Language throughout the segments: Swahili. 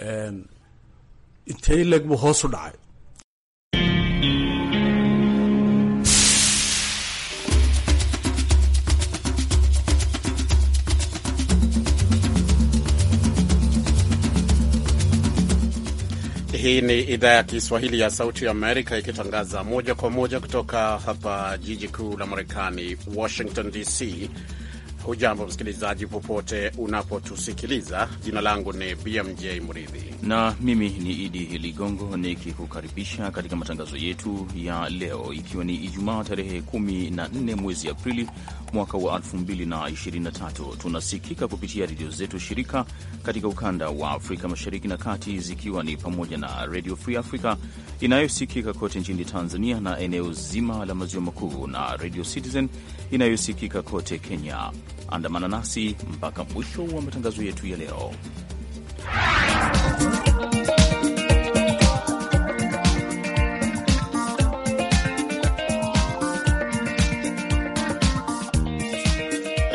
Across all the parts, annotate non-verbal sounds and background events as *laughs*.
intay leg buu hoos u dhacay. Hii ni idhaa ya Kiswahili ya Sauti ya Amerika ikitangaza moja kwa moja kutoka hapa jiji kuu la Marekani, Washington DC. Hujambo msikilizaji, popote unapotusikiliza. Jina langu ni BMJ Mridhi na mimi ni Idi Ligongo nikikukaribisha katika matangazo yetu ya leo, ikiwa ni Ijumaa tarehe 14 mwezi Aprili mwaka wa 2023. Tunasikika kupitia redio zetu shirika katika ukanda wa Afrika mashariki na kati, zikiwa ni pamoja na Redio Free Africa inayosikika kote nchini Tanzania na eneo zima la maziwa makuu na Redio Citizen inayosikika kote Kenya. Andamana nasi mpaka mwisho wa matangazo yetu ya leo.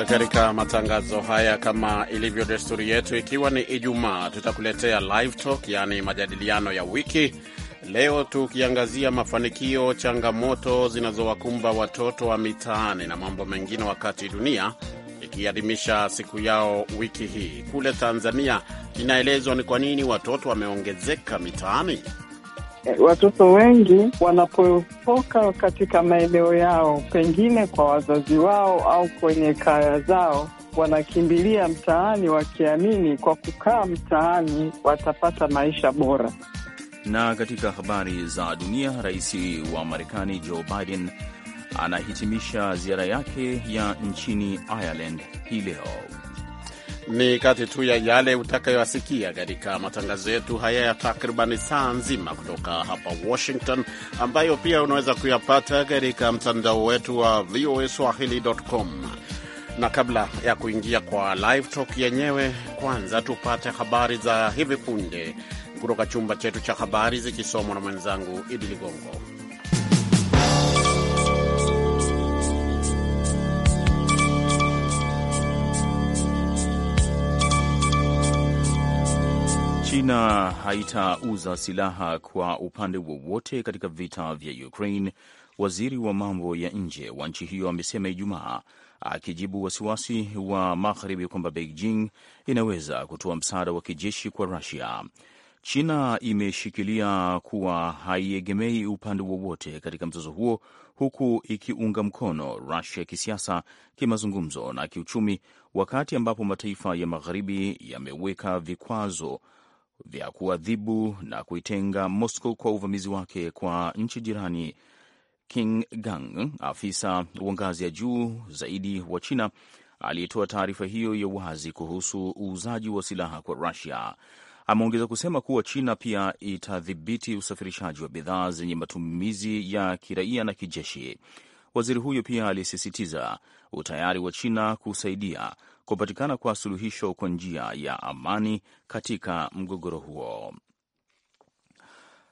Katika matangazo haya, kama ilivyo desturi yetu, ikiwa ni Ijumaa, tutakuletea live talk, yaani majadiliano ya wiki. Leo tukiangazia mafanikio, changamoto zinazowakumba watoto wa mitaani na mambo mengine, wakati dunia ikiadhimisha siku yao wiki hii. Kule Tanzania inaelezwa ni kwa nini watoto wameongezeka mitaani. Eh, watoto wengi wanapotoka katika maeneo yao, pengine kwa wazazi wao au kwenye kaya zao, wanakimbilia mtaani, wakiamini kwa kukaa mtaani watapata maisha bora. Na katika habari za dunia, rais wa Marekani Joe Biden anahitimisha ziara yake ya nchini Ireland hii leo. Ni kati tu ya yale utakayoyasikia katika matangazo yetu haya ya takribani saa nzima kutoka hapa Washington, ambayo pia unaweza kuyapata katika mtandao wetu wa VOA swahili.com. Na kabla ya kuingia kwa live talk yenyewe, kwanza tupate habari za hivi punde kutoka chumba chetu cha habari, zikisomwa na mwenzangu Idi Ligongo. China haitauza silaha kwa upande wowote katika vita vya Ukraine, waziri wa mambo ya nje wa nchi hiyo amesema Ijumaa, akijibu wasiwasi wa magharibi kwamba Beijing inaweza kutoa msaada wa kijeshi kwa Rusia. China imeshikilia kuwa haiegemei upande wowote katika mzozo huo, huku ikiunga mkono Rusia kisiasa, kimazungumzo na kiuchumi, wakati ambapo mataifa ya magharibi yameweka vikwazo vya kuadhibu na kuitenga Moscow kwa uvamizi wake kwa nchi jirani King Gang, afisa wa ngazi ya juu zaidi wa China aliyetoa taarifa hiyo ya wazi kuhusu uuzaji wa silaha kwa Rusia. Ameongeza kusema kuwa China pia itadhibiti usafirishaji wa bidhaa zenye matumizi ya kiraia na kijeshi. Waziri huyo pia alisisitiza utayari wa China kusaidia kupatikana kwa suluhisho kwa njia ya amani katika mgogoro huo.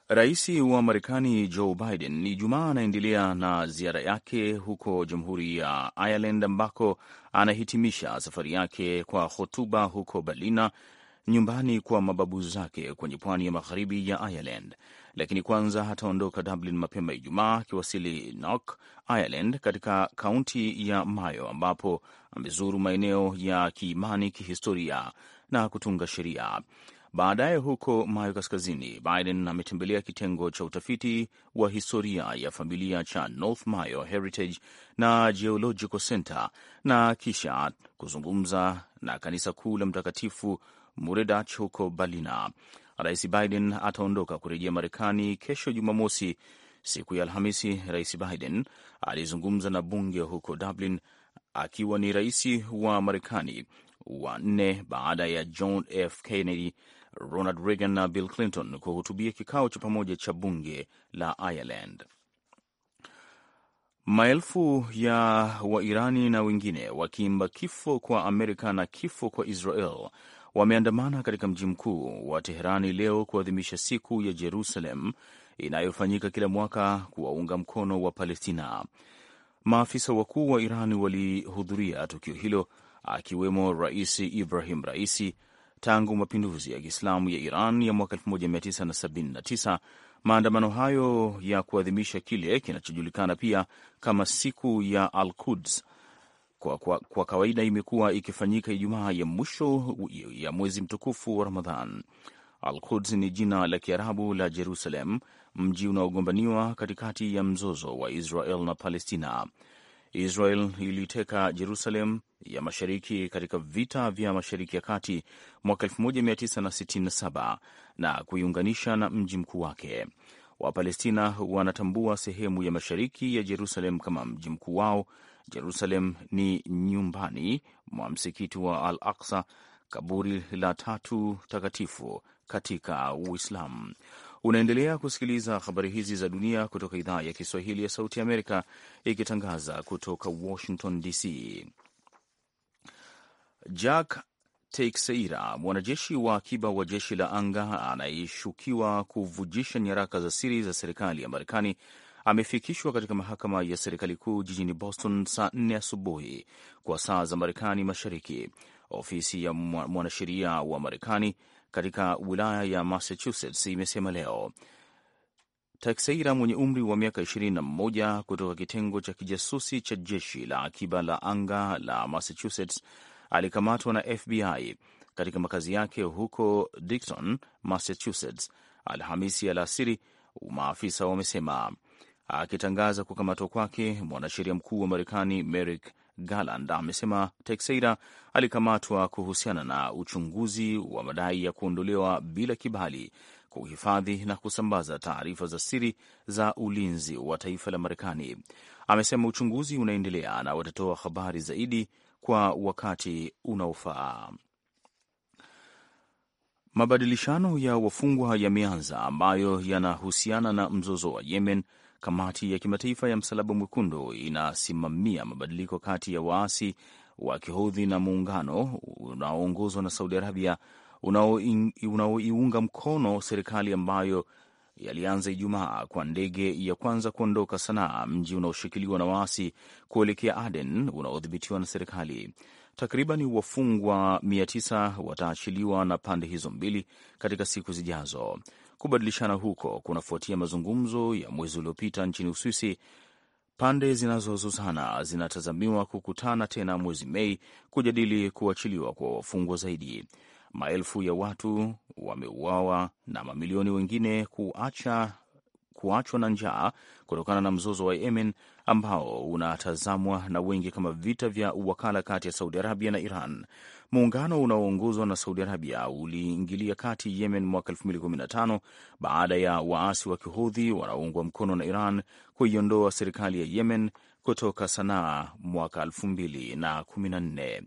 Rais wa Marekani Joe Biden Ijumaa anaendelea na ziara yake huko Jamhuri ya Ireland ambako anahitimisha safari yake kwa hotuba huko Berlina nyumbani kwa mababu zake kwenye pwani ya magharibi ya Ireland, lakini kwanza ataondoka Dublin mapema Ijumaa akiwasili Knock, Ireland, katika kaunti ya Mayo ambapo amezuru maeneo ya kiimani, kihistoria na kutunga sheria. Baadaye huko Mayo Kaskazini, Biden ametembelea kitengo cha utafiti wa historia ya familia cha North Mayo Heritage na Geological Center na kisha kuzungumza na kanisa kuu la Mtakatifu Muredach huko Balina. Rais Biden ataondoka kurejea Marekani kesho Jumamosi. Siku ya Alhamisi, Rais Biden alizungumza na bunge huko Dublin akiwa ni rais wa Marekani wa nne baada ya John F. Kennedy, Ronald Reagan na Bill Clinton kuhutubia kikao cha pamoja cha bunge la Ireland. Maelfu ya Wairani na wengine wakiimba kifo kwa Amerika na kifo kwa Israel wameandamana katika mji mkuu wa Teherani leo kuadhimisha siku ya Jerusalem inayofanyika kila mwaka kuwaunga mkono wa Palestina. Maafisa wakuu wa Iran walihudhuria tukio hilo akiwemo Rais Ibrahim Raisi. Tangu mapinduzi ya Kiislamu ya Iran ya mwaka 1979 maandamano hayo ya kuadhimisha kile kinachojulikana pia kama siku ya Al Quds kwa, kwa, kwa kawaida imekuwa ikifanyika Ijumaa ya mwisho ya mwezi mtukufu wa Ramadhan. Al-Quds ni jina la Kiarabu la Jerusalem, mji unaogombaniwa katikati ya mzozo wa Israel na Palestina. Israel iliteka Jerusalem ya mashariki katika vita vya Mashariki ya Kati mwaka 1967 na kuiunganisha na mji mkuu wake. Wapalestina wanatambua sehemu ya mashariki ya Jerusalem kama mji mkuu wao. Jerusalem ni nyumbani mwa msikiti wa Al Aksa, kaburi la tatu takatifu katika Uislamu. Unaendelea kusikiliza habari hizi za dunia kutoka idhaa ya Kiswahili ya Sauti ya Amerika, ikitangaza kutoka Washington DC. Jack Teixeira, mwanajeshi wa akiba wa jeshi la anga anayeshukiwa kuvujisha nyaraka za siri za serikali ya Marekani amefikishwa katika mahakama ya serikali kuu jijini Boston saa 4 asubuhi kwa saa za Marekani Mashariki. Ofisi ya mwanasheria wa Marekani katika wilaya ya Massachusetts imesema leo Takseira mwenye umri wa miaka 21 kutoka kitengo cha kijasusi cha jeshi la akiba la anga la Massachusetts alikamatwa na FBI katika makazi yake huko Dighton, Massachusetts, Alhamisi alasiri, maafisa wamesema. Akitangaza kukamatwa kwake, mwanasheria mkuu wa Marekani Merrick Garland amesema Teixeira alikamatwa kuhusiana na uchunguzi wa madai ya kuondolewa bila kibali, kuhifadhi na kusambaza taarifa za siri za ulinzi wa taifa la Marekani. Amesema uchunguzi unaendelea na watatoa habari zaidi kwa wakati unaofaa. Mabadilishano ya wafungwa yameanza ambayo yanahusiana na mzozo wa Yemen. Kamati ya Kimataifa ya Msalaba Mwekundu inasimamia mabadiliko kati ya waasi wa Kihodhi na muungano unaoongozwa na Saudi Arabia unaoiunga mkono serikali ambayo yalianza Ijumaa kwa ndege ya kwanza kuondoka Sanaa, mji unaoshikiliwa na waasi, kuelekea Aden unaodhibitiwa na serikali. Takriban wafungwa 900 wataachiliwa na pande hizo mbili katika siku zijazo. Kubadilishana huko kunafuatia mazungumzo ya mwezi uliopita nchini Uswisi. Pande zinazozozana zinatazamiwa kukutana tena mwezi Mei kujadili kuachiliwa kwa wafungwa zaidi. Maelfu ya watu wameuawa na mamilioni wengine kuacha kuachwa na njaa kutokana na mzozo wa Yemen ambao unatazamwa na wengi kama vita vya uwakala kati ya Saudi Arabia na Iran. Muungano unaoongozwa na Saudi Arabia uliingilia kati Yemen mwaka 2015 baada ya waasi wa Kihudhi wanaoungwa mkono na Iran kuiondoa serikali ya Yemen kutoka Sanaa mwaka 2014.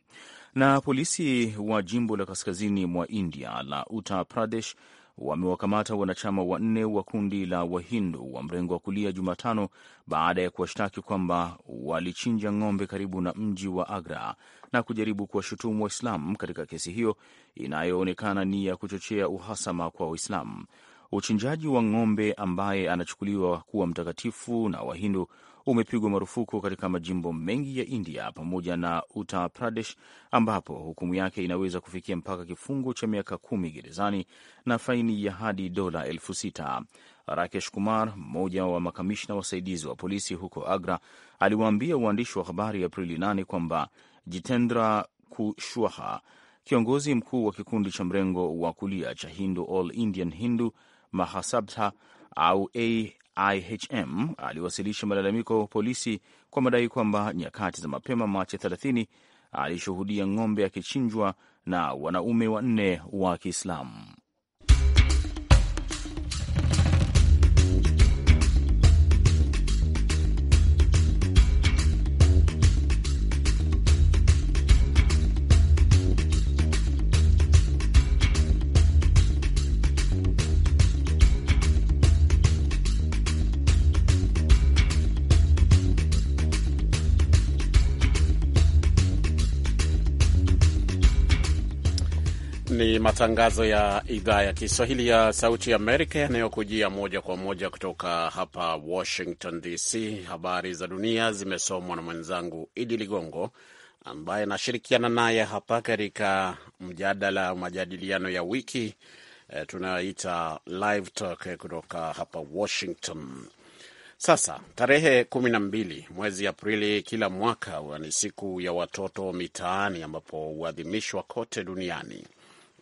Na polisi wa jimbo la kaskazini mwa India la Uttar Pradesh wamewakamata wanachama wanne wa kundi la Wahindu wa mrengo wa kulia Jumatano baada ya kuwashtaki kwamba walichinja ng'ombe karibu na mji wa Agra na kujaribu kuwashutumu Waislamu katika kesi hiyo inayoonekana ni ya kuchochea uhasama kwa Waislamu. Uchinjaji wa ng'ombe ambaye anachukuliwa kuwa mtakatifu na Wahindu umepigwa marufuku katika majimbo mengi ya India pamoja na Uttar Pradesh, ambapo hukumu yake inaweza kufikia mpaka kifungo cha miaka kumi gerezani na faini ya hadi dola elfu sita. Rakesh Kumar, mmoja wa makamishna wasaidizi wa polisi huko Agra, aliwaambia waandishi wa habari Aprili 8 kwamba Jitendra Kushwaha, kiongozi mkuu wa kikundi cha mrengo wa kulia cha Hindu All Indian Hindu Mahasabha au IHM aliwasilisha malalamiko polisi kwa madai kwamba nyakati za mapema Machi 30 alishuhudia ng'ombe akichinjwa na wanaume wanne wa Kiislamu. matangazo ya idhaa ya Kiswahili ya Sauti ya Amerika yanayokujia moja kwa moja kutoka hapa Washington DC. Habari za dunia zimesomwa na mwenzangu Idi Ligongo ambaye anashirikiana naye hapa katika mjadala wa majadiliano ya wiki e, eh, tunayoita Live Talk eh, kutoka hapa Washington. Sasa tarehe kumi na mbili mwezi Aprili kila mwaka ni siku ya watoto mitaani ambapo huadhimishwa kote duniani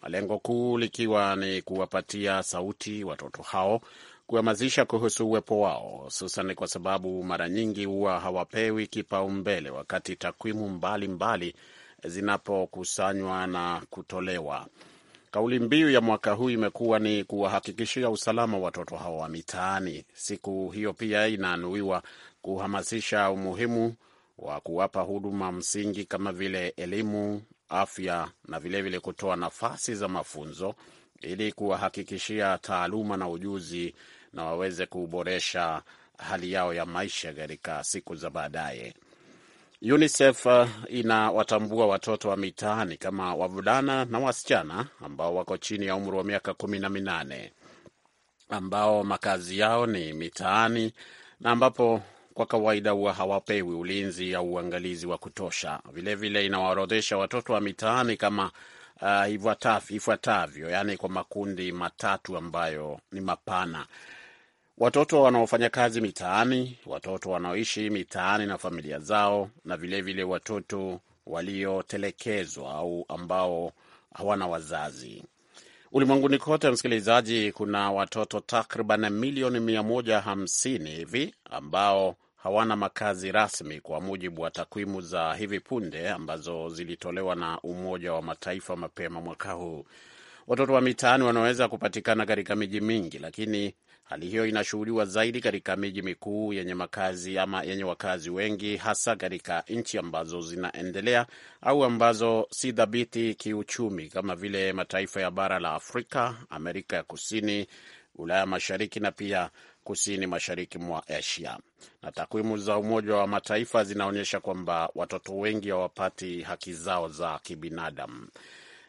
lengo kuu likiwa ni kuwapatia sauti watoto hao, kuhamasisha kuhusu uwepo wao, hususan kwa sababu mara nyingi huwa hawapewi kipaumbele wakati takwimu mbalimbali zinapokusanywa na kutolewa. Kauli mbiu ya mwaka huu imekuwa ni kuwahakikishia usalama watoto hao wa mitaani. Siku hiyo pia inaanuiwa kuhamasisha umuhimu wa kuwapa huduma msingi kama vile elimu, afya na vilevile kutoa nafasi za mafunzo ili kuwahakikishia taaluma na ujuzi na waweze kuboresha hali yao ya maisha katika siku za baadaye. UNICEF uh, inawatambua watoto wa mitaani kama wavulana na wasichana ambao wako chini ya umri wa miaka kumi na minane ambao makazi yao ni mitaani na ambapo kwa kawaida huwa hawapewi ulinzi au uangalizi wa kutosha. Vilevile inawaorodhesha watoto wa mitaani kama uh, ifuatavyo, yaani kwa makundi matatu ambayo ni mapana: watoto wanaofanya kazi mitaani, watoto wanaoishi mitaani na familia zao, na vilevile vile watoto waliotelekezwa au ambao hawana wazazi. Ulimwenguni kote, msikilizaji, kuna watoto takriban milioni 150 hivi ambao hawana makazi rasmi kwa mujibu wa takwimu za hivi punde ambazo zilitolewa na Umoja wa Mataifa mapema mwaka huu. Watoto wa mitaani wanaweza kupatikana katika miji mingi, lakini Hali hiyo inashuhudiwa zaidi katika miji mikuu yenye makazi ama yenye wakazi wengi, hasa katika nchi ambazo zinaendelea au ambazo si dhabiti kiuchumi kama vile mataifa ya bara la Afrika, Amerika ya Kusini, Ulaya Mashariki na pia kusini mashariki mwa Asia. Na takwimu za Umoja wa Mataifa zinaonyesha kwamba watoto wengi hawapati haki zao za kibinadamu.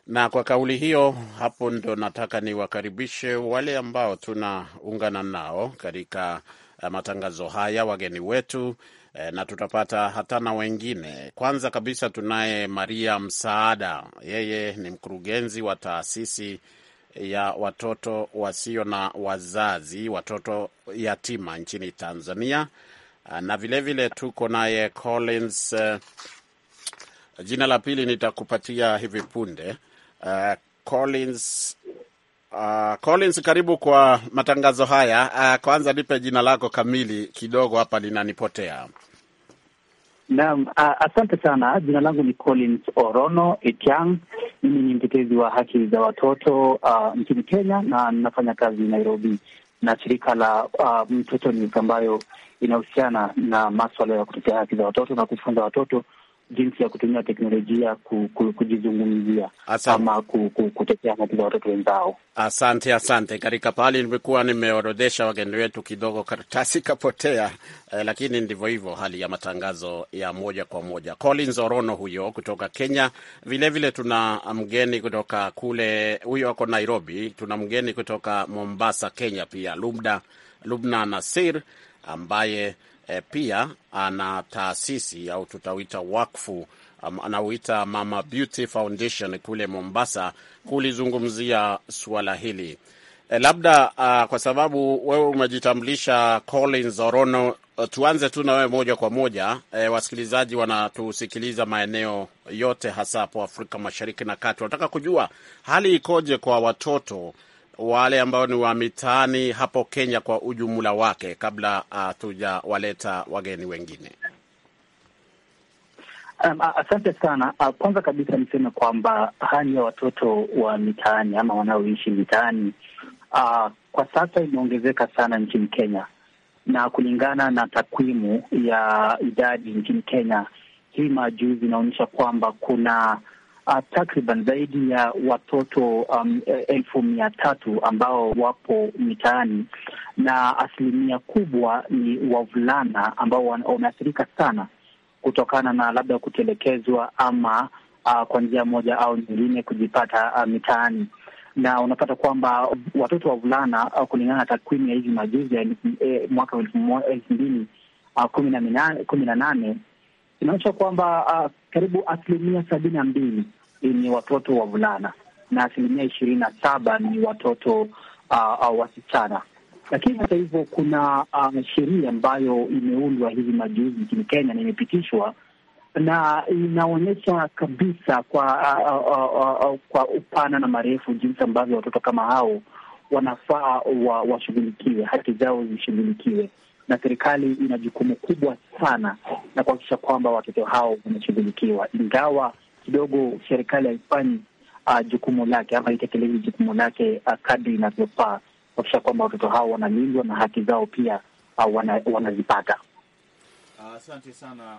Na kwa kauli hiyo, hapo ndo nataka niwakaribishe wale ambao tunaungana nao katika eh, matangazo haya, wageni wetu eh, na tutapata hata na wengine. Kwanza kabisa tunaye Maria Msaada, yeye ni mkurugenzi wa taasisi ya watoto wasio na wazazi, watoto yatima nchini Tanzania, ah, na vilevile vile tuko naye Collins, eh, jina la pili nitakupatia hivi punde, uh, Collins uh, Collins, karibu kwa matangazo haya. Uh, kwanza nipe jina lako kamili kidogo, hapa linanipotea. Naam, uh, asante sana. Jina langu ni Collins Orono Etiang. Mimi ni mtetezi wa haki za watoto uh, nchini Kenya na ninafanya kazi Nairobi na shirika la uh, Mtoto ni ambayo inahusiana na maswala ya kutetea haki za watoto na kufunza watoto jinsi ya kutumia teknolojia kujizungumzia ama kutetea haki za watoto wenzao. Asante, asante. Katika pahali nimekuwa nimeorodhesha wageni wetu kidogo, karatasi kapotea eh, lakini ndivyo hivyo hali ya matangazo ya moja kwa moja. Collins Orono huyo kutoka Kenya. Vilevile vile tuna mgeni kutoka kule, huyo ako Nairobi. Tuna mgeni kutoka Mombasa, Kenya pia, Lubna, Lubna Nasir ambaye e, pia ana taasisi au tutawita wakfu um, anauita Mama Beauty Foundation kule Mombasa kulizungumzia suala hili. E, labda uh, kwa sababu wewe umejitambulisha Collins Orono, eh, tuanze tu na wewe moja kwa moja. E, wasikilizaji wanatusikiliza maeneo yote, hasa hapo Afrika Mashariki na Kati, wanataka kujua hali ikoje kwa watoto wale ambao ni wa mitaani hapo Kenya kwa ujumla wake, kabla hatujawaleta uh, wageni wengine? Um, uh, asante sana. Uh, kwanza kabisa niseme kwamba hali ya watoto wa mitaani ama wanaoishi mitaani uh, kwa sasa imeongezeka sana nchini Kenya, na kulingana na takwimu ya idadi nchini Kenya hii majuzi inaonyesha kwamba kuna uh, takriban zaidi ya watoto um, eh, elfu mia tatu ambao wapo mitaani na asilimia kubwa ni wavulana ambao wameathirika sana kutokana na labda kutelekezwa ama uh, kwa njia moja au nyingine kujipata uh, mitaani na unapata kwamba watoto wa uh, kulingana na takwimu ya hivi majuzi ya eh, mwaka wa elfu mbili uh, kumi na nane inaonyesha kwamba uh, karibu asilimia sabini na mbili ni watoto wavulana na asilimia ishirini na saba ni watoto uh, uh, wasichana. Lakini hata hivyo kuna uh, sheria ambayo imeundwa hivi majuzi nchini Kenya na imepitishwa na inaonyesha kabisa kwa uh, uh, uh, uh, uh kwa upana na marefu jinsi ambavyo watoto kama hao wanafaa washughulikiwe, wa haki zao zishughulikiwe na serikali ina jukumu kubwa sana na kuhakikisha kwamba watoto hao wanashughulikiwa, ingawa kidogo serikali haifanyi uh, jukumu lake ama haitekelezi jukumu lake uh, kadri inavyofaa kuhakikisha kwamba watoto hao wanalindwa na haki zao pia uh, wana, wanazipata. Asante uh, sana.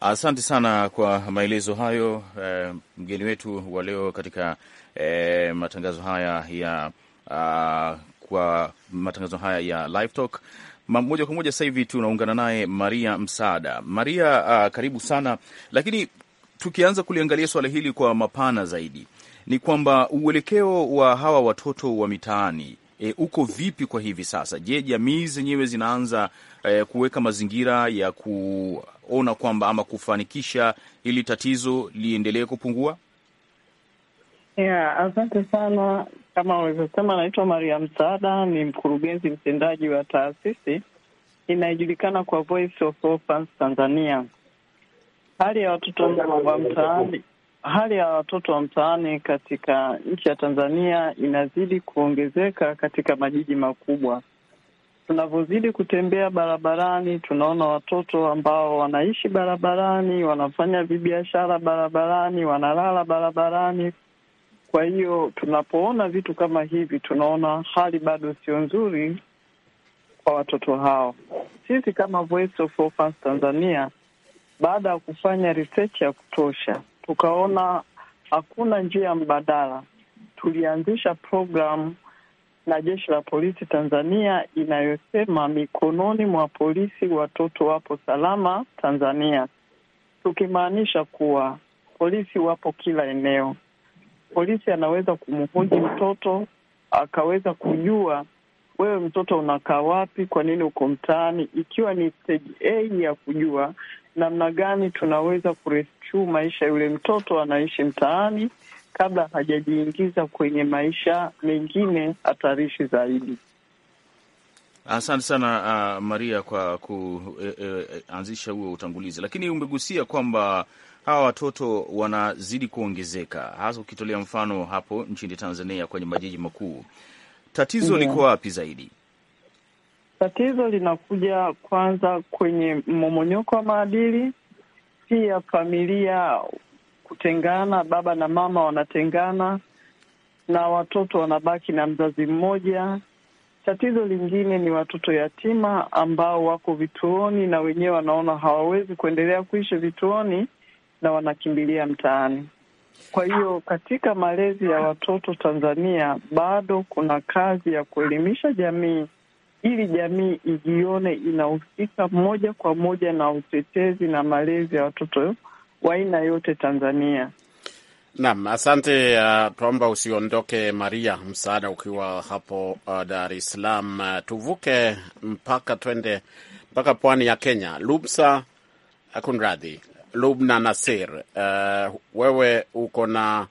Asante sana kwa maelezo hayo eh, mgeni wetu wa leo katika eh, matangazo haya ya uh, kwa matangazo haya ya Live Talk moja kwa moja. Sasa hivi tunaungana naye Maria Msaada. Maria, uh, karibu sana. Lakini tukianza kuliangalia swala hili kwa mapana zaidi, ni kwamba uelekeo wa hawa watoto wa mitaani E, uko vipi kwa hivi sasa? Je, jamii zenyewe zinaanza e, kuweka mazingira ya kuona kwamba ama kufanikisha ili tatizo liendelee kupungua? Yeah, asante sana kama walivyosema, anaitwa Maria Msaada, ni mkurugenzi mtendaji wa taasisi inayojulikana kwa Voice of Orphans Tanzania. Hali ya watoto wa mtaani, hali ya watoto wa mtaani katika nchi ya Tanzania inazidi kuongezeka katika majiji makubwa. Tunavyozidi kutembea barabarani, tunaona watoto ambao wanaishi barabarani, wanafanya vibiashara barabarani, wanalala barabarani kwa hiyo tunapoona vitu kama hivi, tunaona hali bado sio nzuri kwa watoto hao. Sisi kama Voice of Orphans Tanzania, baada ya kufanya research ya kutosha, tukaona hakuna njia mbadala. Tulianzisha programu na jeshi la polisi Tanzania inayosema mikononi mwa polisi watoto wapo salama Tanzania, tukimaanisha kuwa polisi wapo kila eneo polisi anaweza kumhoji mtoto akaweza kujua wewe mtoto unakaa wapi, kwa nini uko mtaani, ikiwa ni stage A ya kujua namna gani tunaweza kurescue maisha yule mtoto anaishi mtaani kabla hajajiingiza kwenye maisha mengine hatarishi zaidi. Asante sana uh, Maria kwa kuanzisha eh, eh, uh, uh, huo utangulizi, lakini umegusia kwamba hawa watoto wanazidi kuongezeka, hasa ukitolea mfano hapo nchini Tanzania kwenye majiji makuu. Tatizo yeah, liko wapi zaidi? Tatizo linakuja kwanza kwenye mmomonyoko wa maadili, pia familia kutengana, baba na mama wanatengana na watoto wanabaki na mzazi mmoja. Tatizo lingine ni watoto yatima ambao wako vituoni na wenyewe wanaona hawawezi kuendelea kuishi vituoni, na wanakimbilia mtaani. Kwa hiyo katika malezi ya watoto Tanzania bado kuna kazi ya kuelimisha jamii ili jamii ijione inahusika moja kwa moja na utetezi na malezi ya watoto wa aina yote Tanzania. Naam, asante. Uh, twaomba usiondoke Maria Msaada ukiwa hapo uh, Dar es Salaam. Uh, tuvuke mpaka twende mpaka pwani ya Kenya. Lubsa akunradhi uh, Lubna Nasir, uh, eh, wewe uko na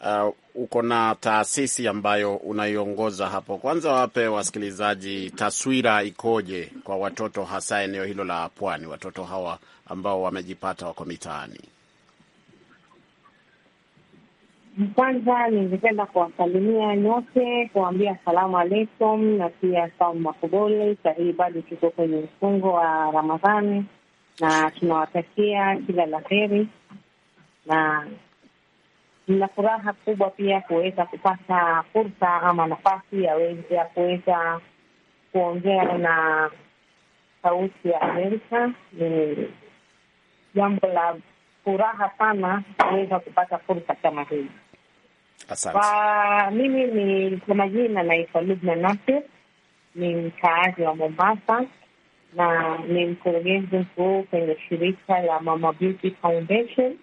uh, uko na taasisi ambayo unaiongoza hapo. Kwanza wape wasikilizaji taswira ikoje kwa watoto hasa eneo hilo la pwani, watoto hawa ambao wamejipata wako mitaani. Kwanza ningependa kuwasalimia nyote, kuwaambia salamu alaikum na pia saumu makubole. Sahii bado tuko kwenye mfungo wa Ramadhani na tunawatakia kila la heri, na na furaha kubwa pia kuweza kupata fursa ama nafasi ya kuweza kuongea na Sauti ya Amerika. Ni jambo la furaha sana kuweza kupata fursa kama hii. Asante. mimi ni kwa majina naitwa Lubna Nasir, ni mkaazi wa Mombasa na ni mkurugenzi mkuu kwenye shirika la Mama Beauty Foundation,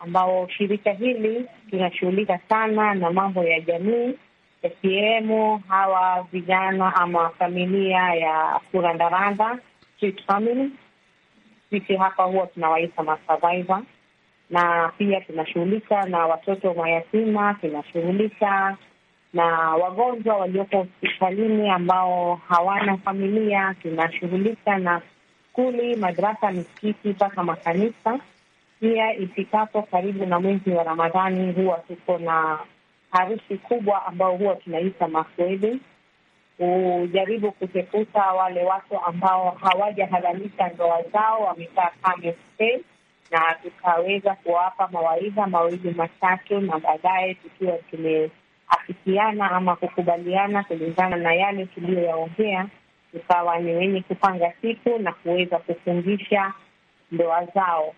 ambao shirika hili tunashughulika sana na mambo ya jamii yakiwemo hawa vijana ama familia ya kurandaranda street family. Sisi hapa huwa tunawaita masurvivor, na pia tunashughulika na watoto mayatima, tunashughulika na wagonjwa walioko hospitalini ambao hawana familia. Tunashughulika na skuli, madarasa, misikiti mpaka makanisa. Pia ifikapo karibu na mwezi wa Ramadhani huwa tuko na harusi kubwa ambao huwa tunaita makwede, hujaribu kutekuta wale watu ambao hawajahalalisha ndoa zao, wamekaa kame na tukaweza kuwapa mawaidha mawili matatu, na baadaye tukiwa tume kuafikiana ama kukubaliana kulingana na yale tuliyoyaongea, tukawa ni wenye kupanga siku na kuweza kufungisha ndoa zao.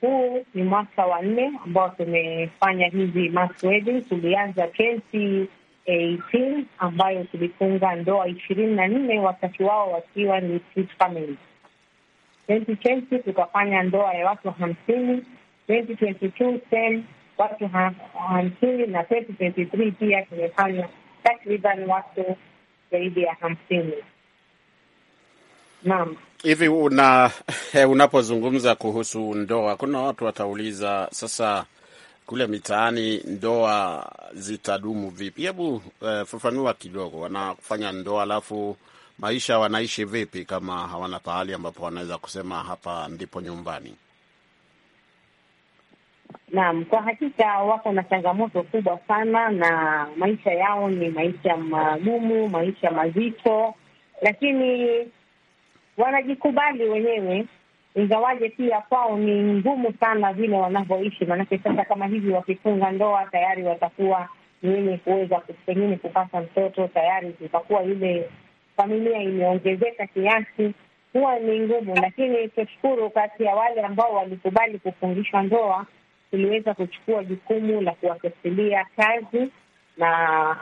Huu ni mwaka wa nne ambao tumefanya hizi mass wedding. Tulianza 2018 ambayo tulifunga ndoa ishirini na nne, wakati wao wakiwa ni 2020 tukafanya ndoa ya watu hamsini. 2022 watu hamsini na 2023 pia kumefanywa takriban watu zaidi ya hamsini. Naam. Hivi una eh, unapozungumza kuhusu ndoa, kuna watu watauliza sasa, kule mitaani ndoa zitadumu vipi? Hebu uh, fafanua kidogo, wanafanya ndoa alafu maisha wanaishi vipi kama hawana pahali ambapo wanaweza kusema hapa ndipo nyumbani? Naam, kwa hakika wako na changamoto kubwa sana, na maisha yao ni maisha magumu, maisha mazito, lakini wanajikubali wenyewe, ingawaje pia kwao ni ngumu sana vile wanavyoishi. Maanake sasa kama hivi wakifunga ndoa tayari watakuwa ni wenye kuweza pengine kupata mtoto, tayari itakuwa ile familia imeongezeka kiasi, huwa ni ngumu. Lakini tushukuru, kati ya wale ambao walikubali kufungishwa ndoa tuliweza kuchukua jukumu la kuwatasilia kazi na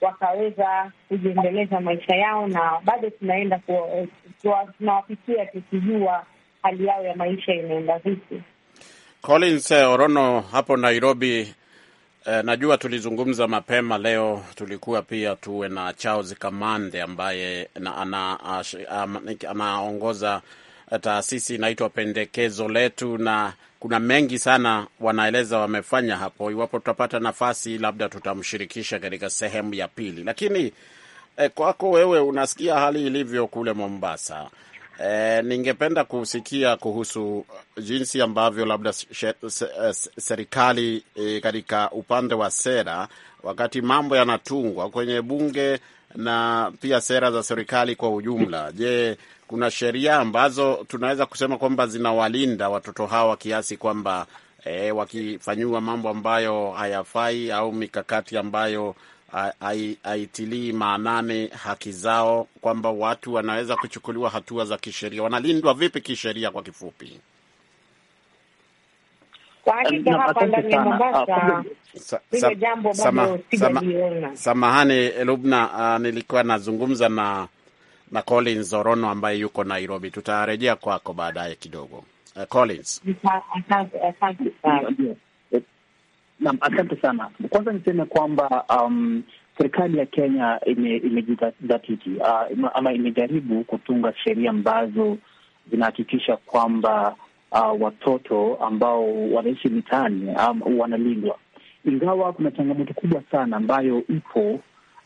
wakaweza kujiendeleza maisha yao, na bado tunaenda tunawapitia tukijua hali yao ya maisha inaenda vipi. Collins eh, Orono hapo Nairobi. Eh, najua tulizungumza mapema leo, tulikuwa pia tuwe na Charles Kamande ambaye anaongoza ana, ana, Eh, taasisi inaitwa Pendekezo Letu, na kuna mengi sana wanaeleza wamefanya hapo. Iwapo tutapata nafasi, labda tutamshirikisha katika sehemu ya pili. Lakini eh, kwako wewe, unasikia hali ilivyo kule Mombasa. Eh, ningependa kusikia kuhusu eh, jinsi ambavyo labda eh, serikali eh, katika upande wa sera, wakati mambo yanatungwa kwenye bunge na pia sera za serikali kwa ujumla. Je, kuna sheria ambazo tunaweza kusema kwamba zinawalinda watoto hawa kiasi kwamba e, wakifanyiwa mambo ambayo hayafai au mikakati ambayo haitilii maanani haki zao, kwamba watu wanaweza kuchukuliwa hatua za kisheria? Wanalindwa vipi kisheria, kwa kifupi? Ah, samahani Lubna, uh, nilikuwa nazungumza na na Collins Orono ambaye yuko Nairobi. Tutarejea kwako baadaye kidogo. Uh, Collins, asante sana. Naam, asante sana. Kwanza niseme kwamba um, serikali ya Kenya imejidhatiti ah, ime uh, ama imejaribu kutunga sheria ambazo zinahakikisha kwamba uh, watoto ambao wanaishi mitaani um, wanalindwa, ingawa kuna changamoto kubwa sana ambayo ipo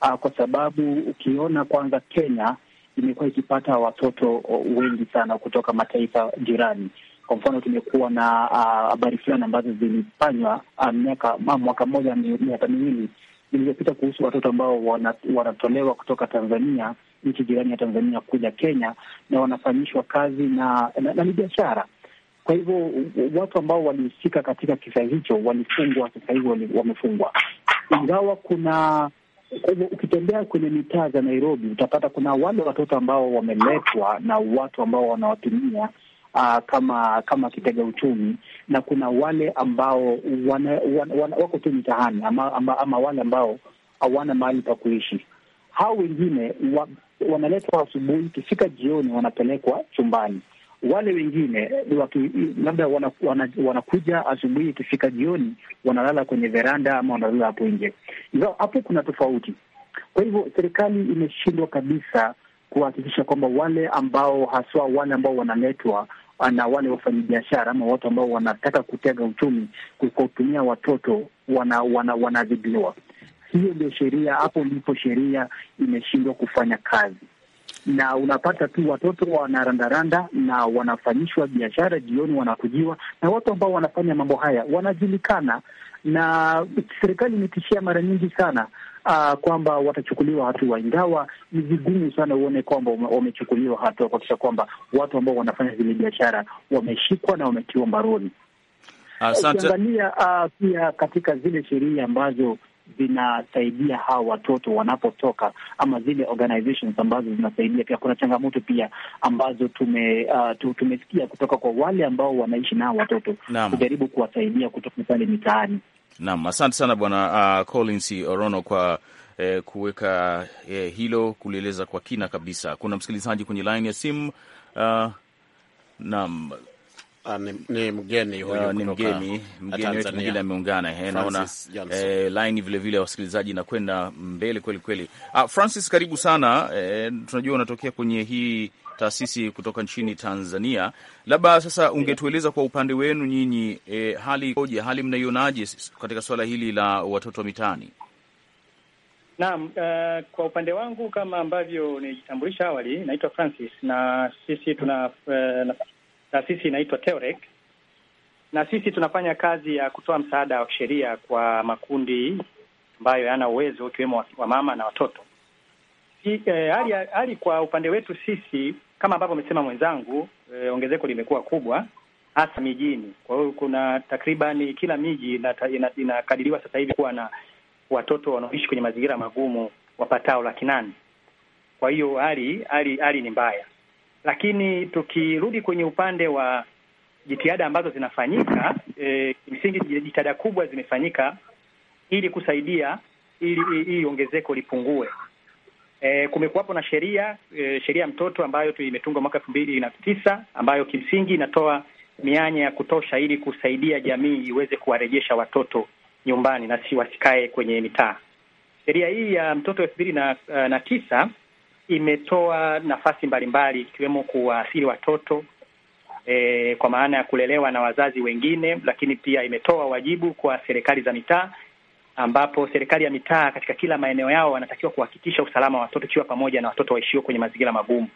uh, kwa sababu ukiona kwanza Kenya imekuwa ikipata watoto uh, wengi sana kutoka mataifa jirani. Kwa mfano tumekuwa na uh, habari uh, fulani ambazo zilifanywa uh, miaka mwaka mmoja miaka miwili ilivyopita kuhusu watoto ambao wanatolewa kutoka Tanzania, nchi jirani ya Tanzania kuja Kenya, na wanafanyishwa kazi na, na, na ni biashara kwa hivyo watu ambao walihusika katika kisa hicho walifungwa, sasa hivi wamefungwa, ingawa kuna kwa hivyo ukitembea kwenye mitaa za Nairobi utapata kuna wale watoto ambao wameletwa na watu ambao wanawatumia uh, kama kama kitega uchumi, na kuna wale ambao wana, wana, wana, wako tu mitaani ama, ama, ama wale ambao hawana mahali pa kuishi. Hao wengine wa, wanaletwa asubuhi, kifika jioni wanapelekwa chumbani. Wale wengine waki, labda wana, wanakuja asubuhi, ikifika jioni wanalala kwenye veranda ama wanalala hapo nje. Hapo kuna tofauti. Kwa hivyo serikali imeshindwa kabisa kuhakikisha kwamba wale ambao haswa wale ambao wanaletwa ah, na wale wafanyabiashara ama watu ambao wanataka kutega uchumi kwa kutumia watoto wanadhibiwa wana, wana hiyo ndio sheria. Hapo ndipo sheria imeshindwa kufanya kazi na unapata tu watoto wanarandaranda na wanafanyishwa biashara, jioni wanakujiwa, na watu ambao wanafanya mambo haya wanajulikana, na serikali imetishia mara nyingi sana Uh, kwamba watachukuliwa hatua, ingawa ni vigumu sana uone kwamba wamechukuliwa hatua kuhakikisha kwamba watu ambao wanafanya zile biashara wameshikwa na wametiwa mbaroni. Ukiangalia uh, pia katika zile sheria ambazo vinasaidia hawa watoto wanapotoka, ama zile organizations ambazo zinasaidia pia. Kuna changamoto pia ambazo tume uh, tumesikia kutoka kwa wale ambao wanaishi na watoto kujaribu kuwasaidia kutoka pale mitaani. Naam, asante sana Bwana uh, Collins Orono kwa eh, kuweka eh, hilo kulieleza kwa kina kabisa. Kuna msikilizaji kwenye laini ya simu uh, naam Ah, ni, ni mgeni huyu, ah, ni mgeni mgeni wetu mwingine ameungana. Eh, naona eh, line vile vile wasikilizaji inakwenda mbele kweli kweli. Ah, Francis karibu sana eh, tunajua unatokea kwenye hii taasisi kutoka nchini Tanzania, labda sasa ungetueleza kwa upande wenu nyinyi, eh, hali koje, hali mnaionaje katika suala hili la watoto mitaani? Naam, uh, kwa upande wangu kama ambavyo nilijitambulisha awali, naitwa Francis na sisi tuna uh, taasisi inaitwa Teorec, na sisi tunafanya kazi ya kutoa msaada wa kisheria kwa makundi ambayo yana uwezo wa wamama na watoto. Eh, hali eh, kwa upande wetu sisi kama ambavyo amesema mwenzangu eh, ongezeko limekuwa kubwa hasa mijini. Kwa hiyo kuna takribani kila miji inakadiriwa ina, ina sasa hivi kuwa na watoto wanaoishi kwenye mazingira magumu wapatao laki nane. Kwa hiyo hali hali ni mbaya. Lakini tukirudi kwenye upande wa jitihada ambazo zinafanyika, e, kimsingi jitihada kubwa zimefanyika ili kusaidia ili hii ongezeko lipungue. E, kumekuwapo na sheria e, sheria ya mtoto ambayo imetungwa mwaka elfu mbili na tisa ambayo kimsingi inatoa mianya ya kutosha ili kusaidia jamii iweze kuwarejesha watoto nyumbani na si wasikae kwenye mitaa. Sheria hii ya mtoto elfu mbili na, e, na tisa imetoa nafasi mbalimbali ikiwemo kuwaasili watoto e, kwa maana ya kulelewa na wazazi wengine, lakini pia imetoa wajibu kwa serikali za mitaa, ambapo serikali ya mitaa katika kila maeneo yao wanatakiwa kuhakikisha usalama wa watoto, ikiwa pamoja na watoto waishio kwenye mazingira magumu.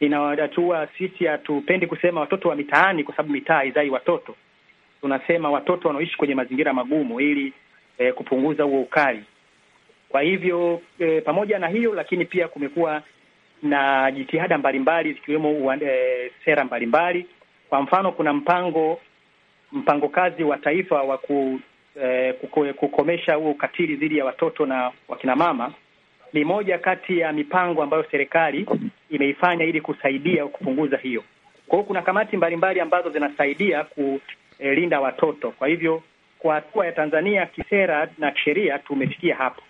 Inawadatua, sisi hatupendi kusema watoto wa mitaani kwa sababu mitaa haizai watoto, tunasema watoto wanaoishi kwenye mazingira magumu ili e, kupunguza huo ukali kwa hivyo e, pamoja na hiyo lakini pia kumekuwa na jitihada mbalimbali zikiwemo e, sera mbalimbali. Kwa mfano, kuna mpango mpango kazi wa taifa wa ku, e, kukomesha huo ukatili dhidi ya watoto na wakina mama. Ni moja kati ya mipango ambayo serikali imeifanya ili kusaidia kupunguza hiyo. Kwa hiyo kuna kamati mbalimbali ambazo zinasaidia kulinda watoto. Kwa hivyo kwa hatua ya Tanzania kisera na kisheria tumefikia hapo.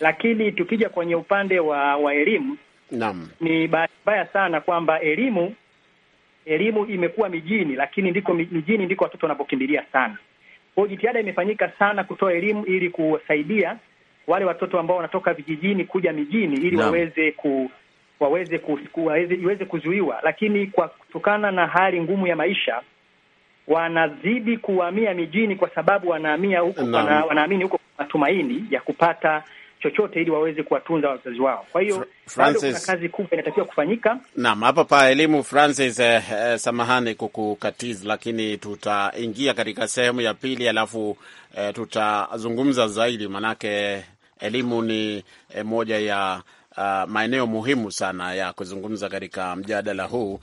Lakini tukija kwenye upande wa wa elimu, naam, ni bahati mbaya sana kwamba elimu elimu imekuwa mijini, lakini ndiko mijini ndiko watoto wanapokimbilia sana. Kwa hiyo jitihada imefanyika sana kutoa elimu ili kusaidia wale watoto ambao wanatoka vijijini kuja mijini ili naam, waweze ku waweze iweze kuzuiwa, lakini kwa kutokana na hali ngumu ya maisha wanazidi kuhamia mijini, kwa sababu wanaamini huko matumaini ya kupata chochote ili waweze kuwatunza wazazi wao. Kwa hiyo Francis, kuna kazi kubwa inatakiwa kufanyika. Naam, hapa pa elimu Francis. Eh, eh, samahani kukukatiza, lakini tutaingia katika sehemu ya pili, alafu eh, tutazungumza zaidi, maanake elimu ni eh, moja ya uh, maeneo muhimu sana ya kuzungumza katika mjadala huu.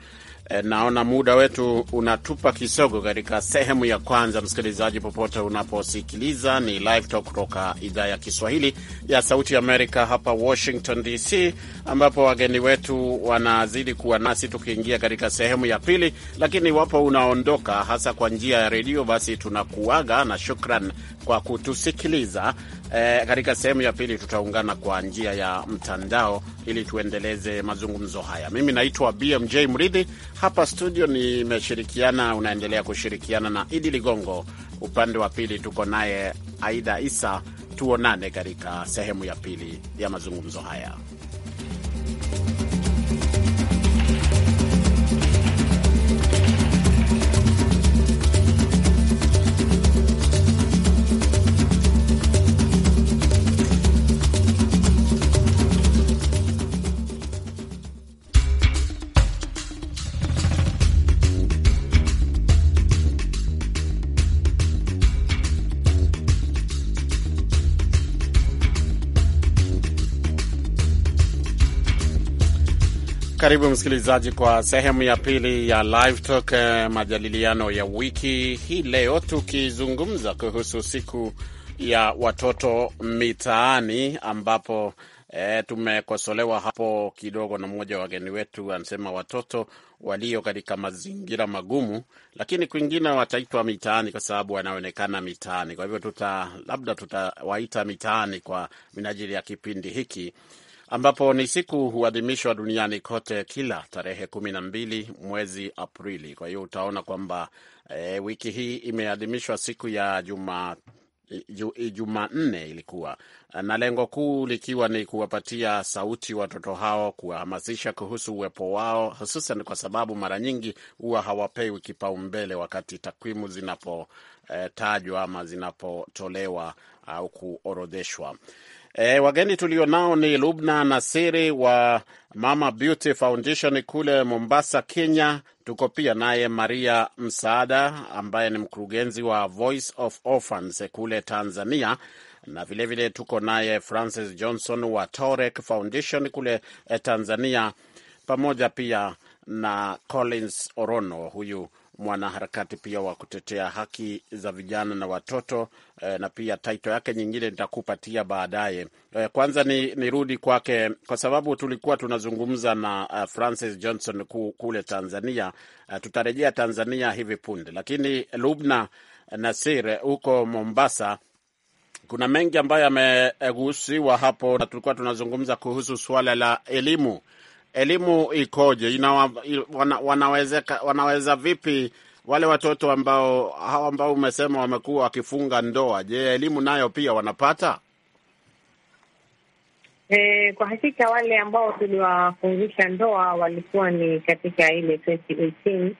Eh, naona muda wetu unatupa kisogo katika sehemu ya kwanza. Msikilizaji popote unaposikiliza, ni Live Talk kutoka idhaa ya Kiswahili ya Sauti Amerika hapa Washington DC, ambapo wageni wetu wanazidi kuwa nasi tukiingia katika sehemu ya pili. Lakini iwapo unaondoka hasa kwa njia ya redio, basi tunakuaga na shukran kwa kutusikiliza E, katika sehemu ya pili tutaungana kwa njia ya mtandao ili tuendeleze mazungumzo haya. Mimi naitwa BMJ Mridhi, hapa studio nimeshirikiana, unaendelea kushirikiana na Idi Ligongo, upande wa pili tuko naye Aida Isa. Tuonane katika sehemu ya pili ya mazungumzo haya. Karibu msikilizaji kwa sehemu ya pili ya Live Talk, eh, majadiliano ya wiki hii. Leo tukizungumza kuhusu siku ya watoto mitaani, ambapo e, tumekosolewa hapo kidogo na mmoja wa wageni wetu, anasema watoto walio katika mazingira magumu, lakini kwingine wataitwa mitaani kwa sababu wanaonekana mitaani. Kwa hivyo tuta, labda tutawaita mitaani kwa minajili ya kipindi hiki ambapo ni siku huadhimishwa duniani kote kila tarehe kumi na mbili mwezi Aprili. Kwa hiyo utaona kwamba e, wiki hii imeadhimishwa siku ya juma Jumanne ilikuwa na lengo kuu likiwa ni kuwapatia sauti watoto hao, kuwahamasisha kuhusu uwepo wao, hususan kwa sababu mara nyingi huwa hawapewi kipaumbele wakati takwimu zinapotajwa eh, ama zinapotolewa au kuorodheshwa. E, wageni tulio nao ni Lubna Nasiri wa Mama Beauty Foundation kule Mombasa, Kenya. Tuko pia naye Maria Msaada ambaye ni mkurugenzi wa Voice of Orphans kule Tanzania, na vilevile vile tuko naye Francis Johnson wa Torek Foundation kule eh, Tanzania, pamoja pia na Collins Orono huyu mwanaharakati pia wa kutetea haki za vijana na watoto eh, na pia taito yake nyingine nitakupatia baadaye. Eh, kwanza ni, nirudi kwake kwa sababu tulikuwa tunazungumza na uh, Francis Johnson ku, kule Tanzania. Uh, tutarejea Tanzania hivi punde, lakini Lubna Nasir eh, huko Mombasa kuna mengi ambayo yamegusiwa hapo, na tulikuwa tunazungumza kuhusu suala la elimu elimu ikoje? Ina, wana, wanaweza, wanaweza vipi wale watoto ambao hao ambao umesema wamekuwa wakifunga ndoa? Je, elimu nayo pia wanapata? E, kwa hakika wale ambao tuliwafungisha ndoa walikuwa ni katika ile 2018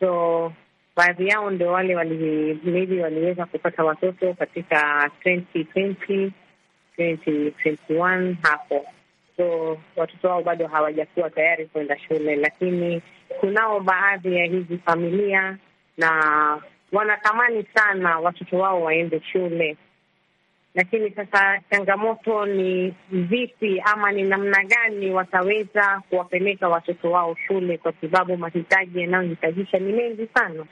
so baadhi yao ndio wale wali, maybe waliweza kupata watoto katika 2020, 2021 hapo so watoto wao bado hawajakuwa tayari kwenda shule, lakini kunao baadhi ya hizi familia na wanatamani sana watoto wao waende shule, lakini sasa changamoto ni vipi ama ni namna gani wataweza kuwapeleka watoto wao shule, kwa sababu mahitaji yanayohitajisha ni mengi sana,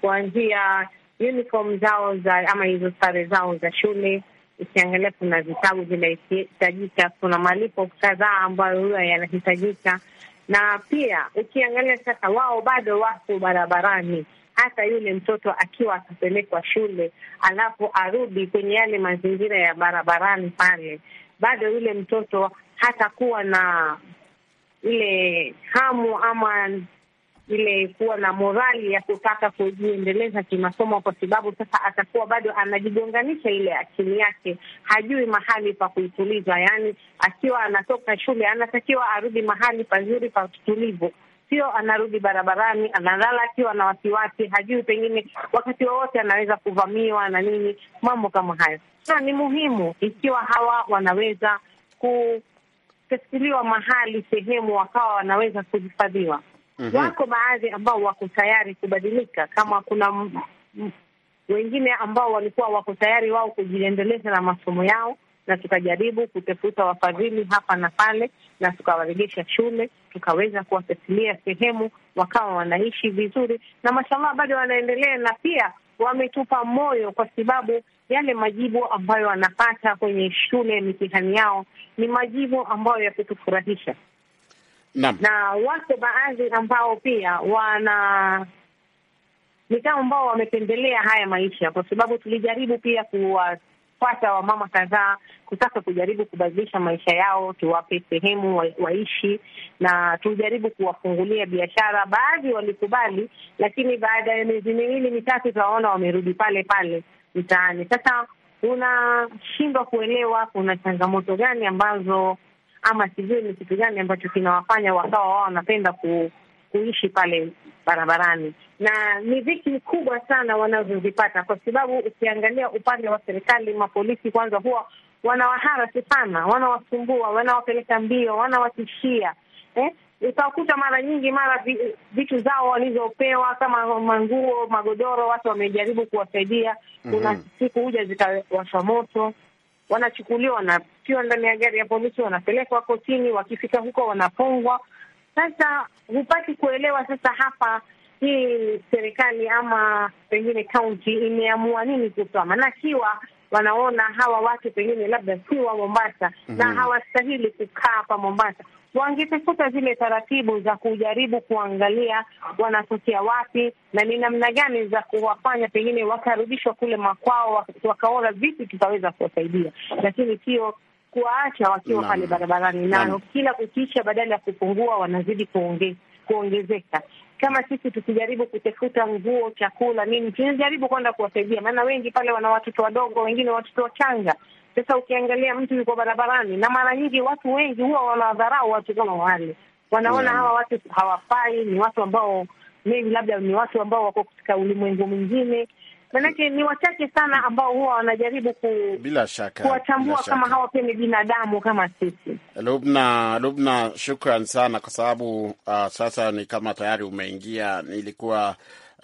kuanzia uniform zao za ama hizo sare zao za shule ukiangalia kuna vitabu vinahitajika, kuna malipo kadhaa ambayo huyo yanahitajika, na pia ukiangalia sasa, wao bado wako barabarani hata yule mtoto akiwa akapelekwa shule alafu arudi kwenye yale mazingira ya barabarani pale, bado yule mtoto hatakuwa na ile hamu ama ile kuwa na morali ya kutaka kujiendeleza kimasomo, kwa sababu sasa atakuwa bado anajigonganisha ile akili yake, hajui mahali pa kuituliza. Yani akiwa anatoka shule anatakiwa arudi mahali pazuri pa utulivu, sio anarudi barabarani, analala akiwa na wasiwasi, hajui pengine wakati wowote anaweza kuvamiwa na nini, mambo kama hayo. So ni muhimu ikiwa hawa wanaweza ku kutafutiliwa mahali sehemu wakawa wanaweza kuhifadhiwa. -hmm. Wako baadhi ambao wako tayari kubadilika, kama kuna wengine ambao walikuwa wako tayari wao kujiendeleza na masomo yao, na tukajaribu kutafuta wafadhili hapa na pale, na tukawaregesha shule, tukaweza kuwafasilia sehemu, wakawa wanaishi vizuri, na mashallah bado wanaendelea, na pia wametupa moyo kwa sababu yale majibu ambayo wanapata kwenye shule mitihani yao ni majibu ambayo yakutufurahisha. Naam. Na wako baadhi ambao pia wana ni kama ambao wamependelea haya maisha, kwa sababu tulijaribu pia kuwapata wamama kadhaa kutaka kujaribu kubadilisha maisha yao, tuwape sehemu wa, waishi na tujaribu kuwafungulia biashara. Baadhi walikubali, lakini baada ya miezi miwili mitatu tunaona wamerudi pale pale mtaani. Sasa unashindwa kuelewa kuna changamoto gani ambazo ama sijui ni kitu gani ambacho kinawafanya wakawa wao wanapenda ku, kuishi pale barabarani, na ni viki kubwa sana wanazozipata, kwa sababu ukiangalia upande wa serikali, mapolisi kwanza huwa wanawaharasi sana, wanawasumbua, wanawapeleka mbio, wanawatishia eh? Utakuta mara nyingi mara vitu zao walizopewa kama manguo, magodoro, watu wamejaribu kuwasaidia. Kuna mm -hmm. siku huja zikawashwa moto wanachukuliwa, wanatiwa ndani ya gari ya polisi, wanapelekwa kotini. Wakifika huko wanapongwa. Sasa hupati kuelewa sasa hapa hii serikali ama pengine kaunti imeamua nini kutoa, akiwa wanaona hawa watu pengine labda si wa Mombasa mm -hmm. na mhm. hawastahili kukaa hapa Mombasa, wangetafuta zile taratibu za kujaribu kuangalia wanatokea wapi na ni namna gani za kuwafanya pengine wakarudishwa kule makwao, wakaona vipi tutaweza kuwasaidia, lakini sio kuwaacha wakiwa pale barabarani, nao kila kukicha, badala ya kupungua, wanazidi kuonge, kuongezeka. Kama sisi tukijaribu kutafuta nguo, chakula, nini, tunajaribu kwenda kuwasaidia, maana wengi pale wana watoto wadogo, wengine watoto wachanga sasa ukiangalia mtu yuko barabarani, na mara nyingi watu wengi huwa wanawadharau watu kama wale, wanaona mm. hawa watu hawafai, ni watu ambao maybe labda ni watu ambao wako katika ulimwengu mwingine Manake ni wachache sana ambao huwa wanajaribu ku- bila shaka kuwatambua kama hawa pia ni binadamu kama sisi. Lubna, Lubna, shukran sana kwa sababu uh, sasa ni kama tayari umeingia, nilikuwa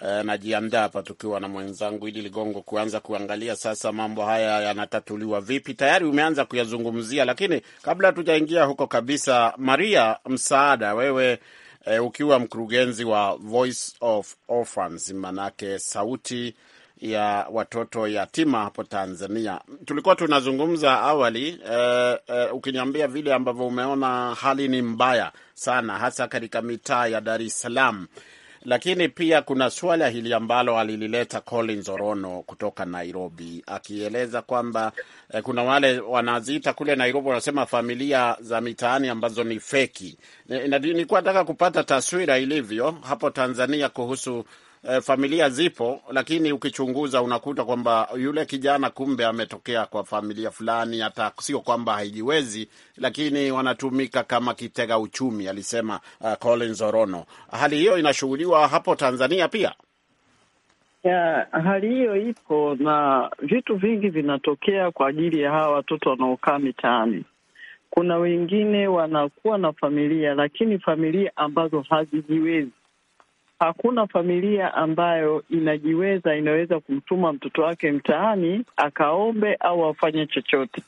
eh, najiandaa hapa tukiwa na mwenzangu Idi Ligongo kuanza kuangalia sasa mambo haya yanatatuliwa vipi. Tayari umeanza kuyazungumzia, lakini kabla hatujaingia huko kabisa, Maria Msaada, wewe e, ukiwa mkurugenzi wa Voice of Orphans, manake sauti ya watoto yatima hapo Tanzania, tulikuwa tunazungumza awali e, e, ukiniambia vile ambavyo umeona hali ni mbaya sana, hasa katika mitaa ya Dar es Salaam lakini pia kuna suala hili ambalo alilileta Collins Orono kutoka Nairobi, akieleza kwamba eh, kuna wale wanaziita kule Nairobi wanasema familia za mitaani ambazo ni feki. Eh, nilikuwa nataka kupata taswira ilivyo hapo Tanzania kuhusu Eh, familia zipo, lakini ukichunguza unakuta kwamba yule kijana kumbe ametokea kwa familia fulani, hata sio kwamba haijiwezi, lakini wanatumika kama kitega uchumi, alisema uh, Collins Orono. Hali hiyo inashughuliwa hapo Tanzania pia. Ya, hali hiyo ipo na vitu vingi vinatokea kwa ajili ya hawa watoto wanaokaa mitaani. Kuna wengine wanakuwa na familia, lakini familia ambazo hazijiwezi, Hakuna familia ambayo inajiweza inaweza kumtuma mtoto wake mtaani akaombe au afanye chochote.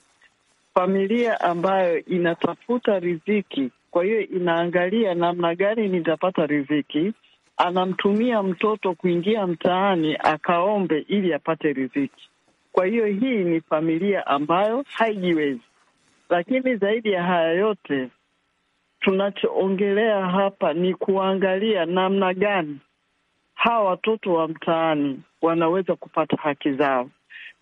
Familia ambayo inatafuta riziki, kwa hiyo inaangalia namna gani nitapata riziki, anamtumia mtoto kuingia mtaani akaombe ili apate riziki. Kwa hiyo hii ni familia ambayo haijiwezi. Lakini zaidi ya haya yote tunachoongelea hapa ni kuangalia namna gani hawa watoto wa mtaani wanaweza kupata haki zao.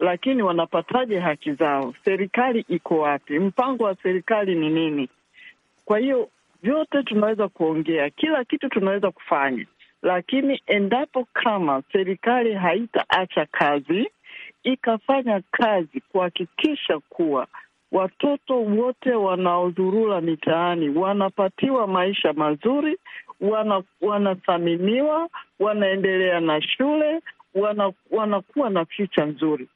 Lakini wanapataje haki zao? Serikali iko wapi? Mpango wa serikali ni nini? Kwa hiyo vyote tunaweza kuongea, kila kitu tunaweza kufanya, lakini endapo kama serikali haitaacha kazi ikafanya kazi kuhakikisha kuwa watoto wote wanaodhurula mitaani wanapatiwa maisha mazuri, wana, wanathaminiwa, wanaendelea na shule, wana, wanakuwa na ficha nzuri.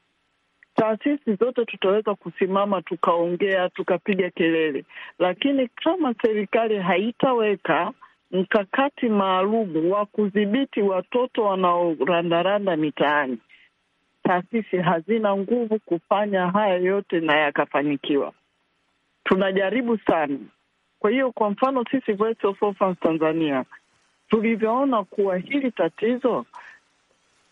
Taasisi zote tutaweza kusimama tukaongea, tukapiga kelele, lakini kama serikali haitaweka mkakati maalum wa kudhibiti watoto wanaorandaranda mitaani taasisi hazina nguvu kufanya haya yote na yakafanikiwa. Tunajaribu sana. Kwa hiyo kwa mfano sisi Voice of Orphans Tanzania tulivyoona kuwa hili tatizo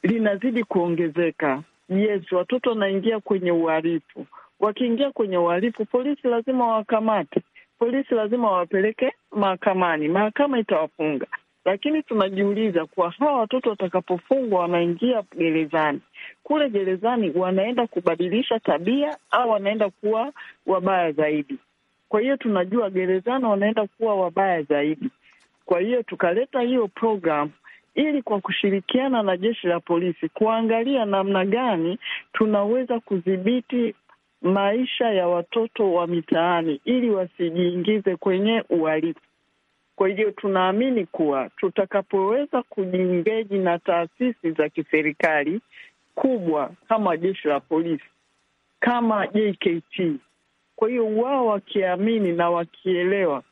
linazidi kuongezeka, yes, watoto wanaingia kwenye uhalifu. Wakiingia kwenye uhalifu, polisi lazima wawakamate, polisi lazima wawapeleke mahakamani, mahakama itawafunga. Lakini tunajiuliza kuwa hawa watoto watakapofungwa, wanaingia gerezani, kule gerezani wanaenda kubadilisha tabia au wanaenda kuwa wabaya zaidi. Kwa hiyo tunajua gerezani wanaenda kuwa wabaya zaidi. Kwa hiyo tukaleta hiyo program ili kwa kushirikiana na jeshi la polisi kuangalia namna gani tunaweza kudhibiti maisha ya watoto wa mitaani ili wasijiingize kwenye uhalifu. Kwa hiyo tunaamini kuwa tutakapoweza kujiingeji na taasisi za kiserikali kubwa kama jeshi la polisi, kama JKT. Kwa hiyo wao wakiamini na wakielewa,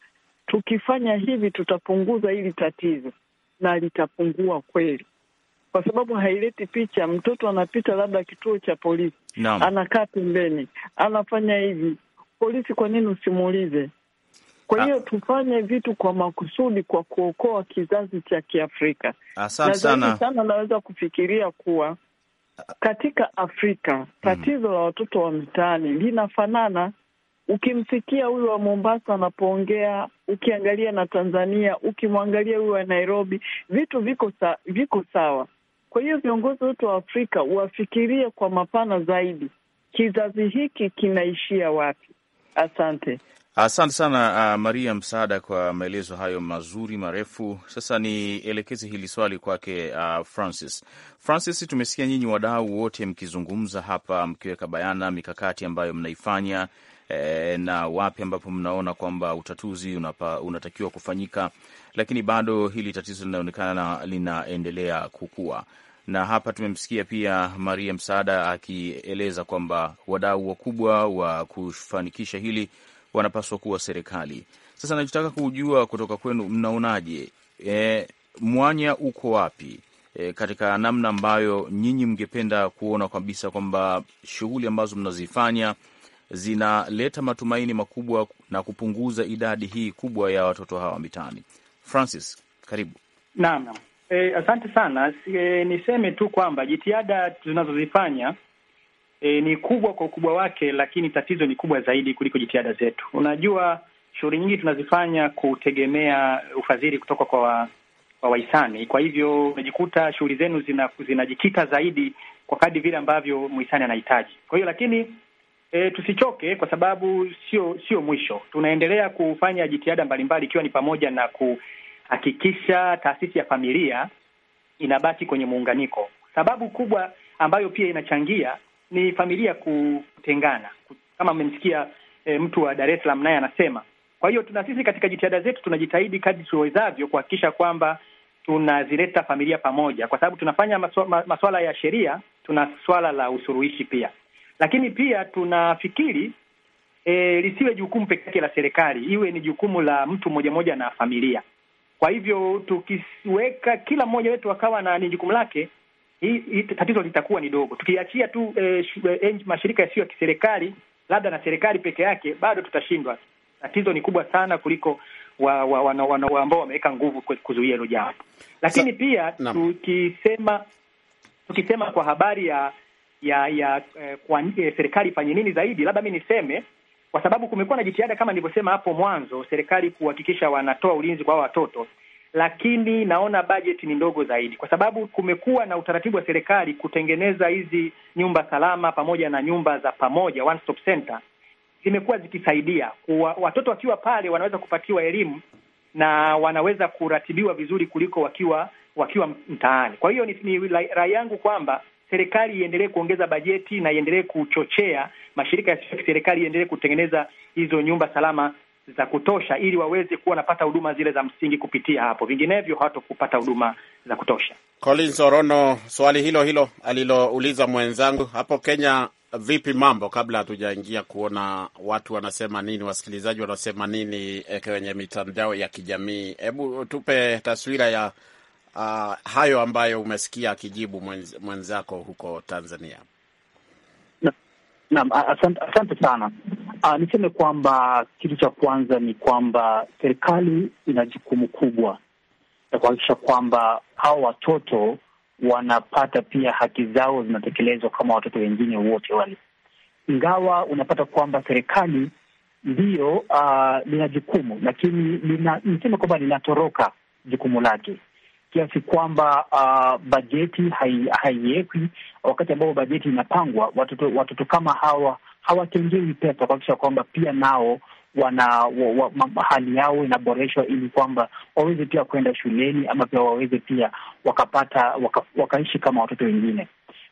tukifanya hivi tutapunguza hili tatizo, na litapungua kweli, kwa sababu haileti picha. Mtoto anapita labda kituo cha polisi no. anakaa pembeni, anafanya hivi. Polisi, kwa nini usimuulize? Kwa ah. hiyo tufanye vitu kwa makusudi kwa kuokoa kizazi cha Kiafrika. Asante sana. Sana naweza kufikiria kuwa katika Afrika tatizo mm. la watoto wa mitaani linafanana. Ukimsikia huyu wa Mombasa anapoongea, ukiangalia na Tanzania, ukimwangalia huyu wa Nairobi, vitu viko sa, viko sawa. Kwa hiyo viongozi wote wa Afrika wafikirie kwa mapana zaidi, kizazi hiki kinaishia wapi? Asante. Asante sana uh, Maria Msaada kwa maelezo hayo mazuri marefu. Sasa nielekeze hili swali kwake uh, Francis. Francis, tumesikia nyinyi wadau wote mkizungumza hapa, mkiweka bayana mikakati ambayo mnaifanya eh, na wapi ambapo mnaona kwamba utatuzi unapa, unatakiwa kufanyika, lakini bado hili tatizo linaonekana linaendelea kukua, na hapa tumemsikia pia Maria Msaada akieleza kwamba wadau wakubwa wa kufanikisha hili wanapaswa kuwa serikali. Sasa nachotaka kujua kutoka kwenu, mnaonaje? E, mwanya uko wapi e, katika namna ambayo nyinyi mngependa kuona kabisa kwamba shughuli ambazo mnazifanya zinaleta matumaini makubwa na kupunguza idadi hii kubwa ya watoto hawa mitaani. Francis, karibu. Naam, naam. E, asante sana. E, niseme tu kwamba jitihada tunazozifanya e, ni kubwa kwa ukubwa wake, lakini tatizo ni kubwa zaidi kuliko jitihada zetu. Unajua, shughuli nyingi tunazifanya kutegemea ufadhili kutoka kwa wa wahisani. Kwa hivyo unajikuta shughuli zenu zinajikita zina zaidi kwa kadri vile ambavyo mhisani anahitaji. Kwa hiyo lakini e, tusichoke kwa sababu sio sio mwisho. Tunaendelea kufanya jitihada mbalimbali, ikiwa ni pamoja na kuhakikisha taasisi ya familia inabaki kwenye muunganiko. Sababu kubwa ambayo pia inachangia ni familia kutengana, kama mmemsikia e, mtu wa Dar es Salaam naye anasema. Kwa hiyo tuna sisi katika jitihada zetu tunajitahidi kadri tuwezavyo kuhakikisha kwamba tunazileta familia pamoja, kwa sababu tunafanya masuala maswala ya sheria, tuna swala la usuluhishi pia, lakini pia tunafikiri e, lisiwe jukumu peke yake la serikali, iwe ni jukumu la mtu mmoja mmoja na familia. Kwa hivyo tukiweka kila mmoja wetu akawa na ni jukumu lake, hii, hi, tatizo litakuwa ni dogo. Tukiachia tu eh, eh, mashirika yasiyo ya kiserikali labda na serikali peke yake, bado tutashindwa. Tatizo ni kubwa sana kuliko wa, wa, wa, wa ambao wameweka nguvu kuzuia hilo jambo. Lakini so, pia na, tukisema tukisema kwa habari ya ya ya eh, kwa, eh, serikali ifanye nini zaidi, labda mi niseme kwa sababu kumekuwa na jitihada kama nilivyosema hapo mwanzo, serikali kuhakikisha wanatoa ulinzi kwa watoto lakini naona bajeti ni ndogo zaidi, kwa sababu kumekuwa na utaratibu wa serikali kutengeneza hizi nyumba salama pamoja na nyumba za pamoja, one stop center, zimekuwa zikisaidia kwa watoto wakiwa pale wanaweza kupatiwa elimu na wanaweza kuratibiwa vizuri kuliko wakiwa wakiwa mtaani. Kwa hiyo ni rai yangu kwamba serikali iendelee kuongeza bajeti na iendelee kuchochea mashirika ya serikali iendelee kutengeneza hizo nyumba salama za kutosha ili waweze kuwa wanapata huduma zile za msingi kupitia hapo, vinginevyo hawatokupata huduma za kutosha. Collins Orono, swali hilo hilo alilouliza mwenzangu hapo Kenya, vipi mambo? Kabla hatujaingia kuona watu wanasema nini, wasikilizaji wanasema nini eh, kwenye mitandao ya kijamii, hebu tupe taswira ya uh, hayo ambayo umesikia akijibu mwenz, mwenzako huko Tanzania. Naam, asante sana. Aa, ah, niseme kwamba kitu cha kwanza ni kwamba serikali ina jukumu kubwa na kuhakikisha kwamba hao watoto wanapata pia haki zao zinatekelezwa kama watoto wengine wote wale, ingawa unapata kwamba serikali ndiyo uh, lina jukumu lakini lina, niseme kwamba linatoroka jukumu lake kiasi kwamba uh, bajeti haiwekwi hai wakati ambapo bajeti inapangwa. Watoto watoto kama hawa hawatengewi pesa kuakisha kwamba pia nao wana wa, wa, hali yao inaboreshwa ili kwamba waweze pia kwenda shuleni ama pia waweze pia wakapata waka, wakaishi kama watoto wengine.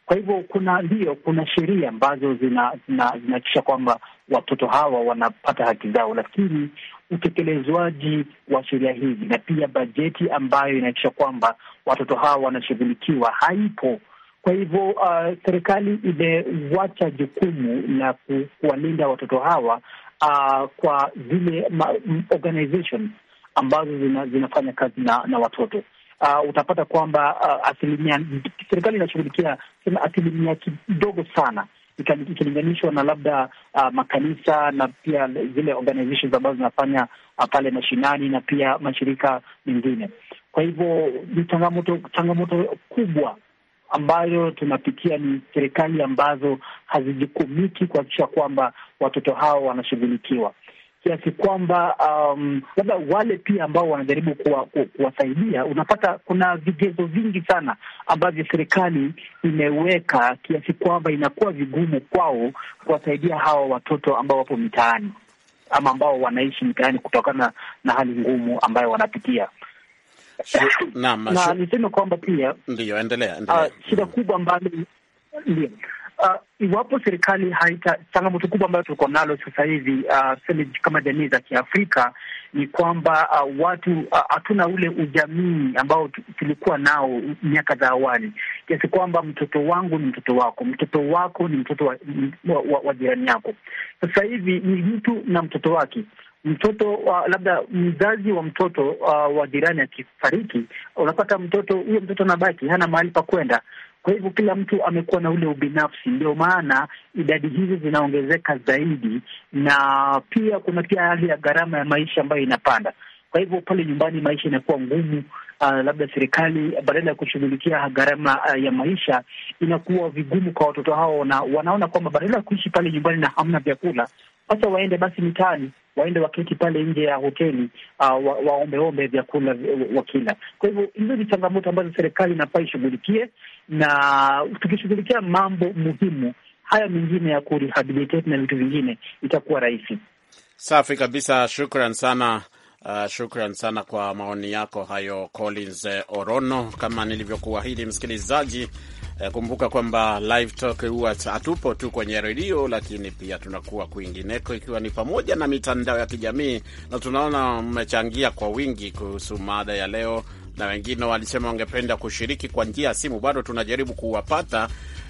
Kwa hivyo kuna ndio, kuna sheria ambazo zinahakikisha zina, zina kwamba watoto hawa wanapata haki zao, lakini utekelezwaji wa sheria hizi na pia bajeti ambayo inahakikisha kwamba watoto hawa wanashughulikiwa haipo kwa hivyo uh, serikali imewacha jukumu la kuwalinda watoto hawa uh, kwa zile organizations ambazo zina, zinafanya kazi na, na watoto uh, utapata kwamba uh, asilimia serikali inashughulikia asilimia kidogo sana ikilinganishwa na labda uh, makanisa na pia zile organizations ambazo zinafanya uh, pale mashinani na pia mashirika mengine. Kwa hivyo ni changamoto changamoto kubwa ambayo tunapitia ni serikali ambazo hazijikumiki kuhakikisha kwamba watoto hao wanashughulikiwa kiasi kwamba um, labda wale pia ambao wanajaribu kuwasaidia ku, unapata kuna vigezo vingi sana ambavyo serikali imeweka kiasi kwamba inakuwa vigumu kwao kuwasaidia hawa watoto ambao wapo mitaani ama ambao wanaishi mitaani kutokana na hali ngumu ambayo wanapitia. *laughs* na niseme kwamba pia ndio, endelea, uh, endelea. Uh, shida mm. kubwa ambalo ndio Uh, iwapo serikali haita, changamoto kubwa ambayo tuko nalo sasa hivi uh, kama jamii za Kiafrika ni kwamba uh, watu uh, hatuna uh, ule ujamii ambao tulikuwa nao miaka za awali, kiasi kwamba mtoto wangu ni mtoto wako, mtoto wako ni mtoto wa, wa, wa, wa jirani yako. Sasa hivi ni mtu na mtoto wake mtoto uh, labda mzazi wa mtoto uh, wa jirani akifariki, unapata mtoto huyo mtoto anabaki hana mahali pa kwenda. Kwa hivyo kila mtu amekuwa na ule ubinafsi, ndio maana idadi hizi zinaongezeka zaidi, na pia kuna pia hali ya gharama ya maisha ambayo inapanda. Kwa hivyo pale nyumbani maisha inakuwa ngumu. Uh, labda serikali badala ya kushughulikia gharama uh, ya maisha, inakuwa vigumu kwa watoto hao, na wanaona kwamba badala ya kuishi pale nyumbani na hamna vyakula sasa waende basi mitaani, waende waketi pale nje ya hoteli uh, wa, waombeombe vyakula wakila. Kwa hivyo hizo ni changamoto ambazo serikali inafaa ishughulikie, na tukishughulikia mambo muhimu haya mengine ya kurehabilitate na vitu vingine itakuwa rahisi. Safi kabisa, shukran sana. Uh, shukran sana kwa maoni yako hayo Collins Orono. Kama nilivyokuahidi, msikilizaji Eh, kumbuka kwamba live talk huwa hatupo tu kwenye redio, lakini pia tunakuwa kwingineko, ikiwa ni pamoja na mitandao ya kijamii, na tunaona mmechangia kwa wingi kuhusu mada ya leo, na wengine walisema wangependa kushiriki kwa njia ya simu. Bado tunajaribu kuwapata,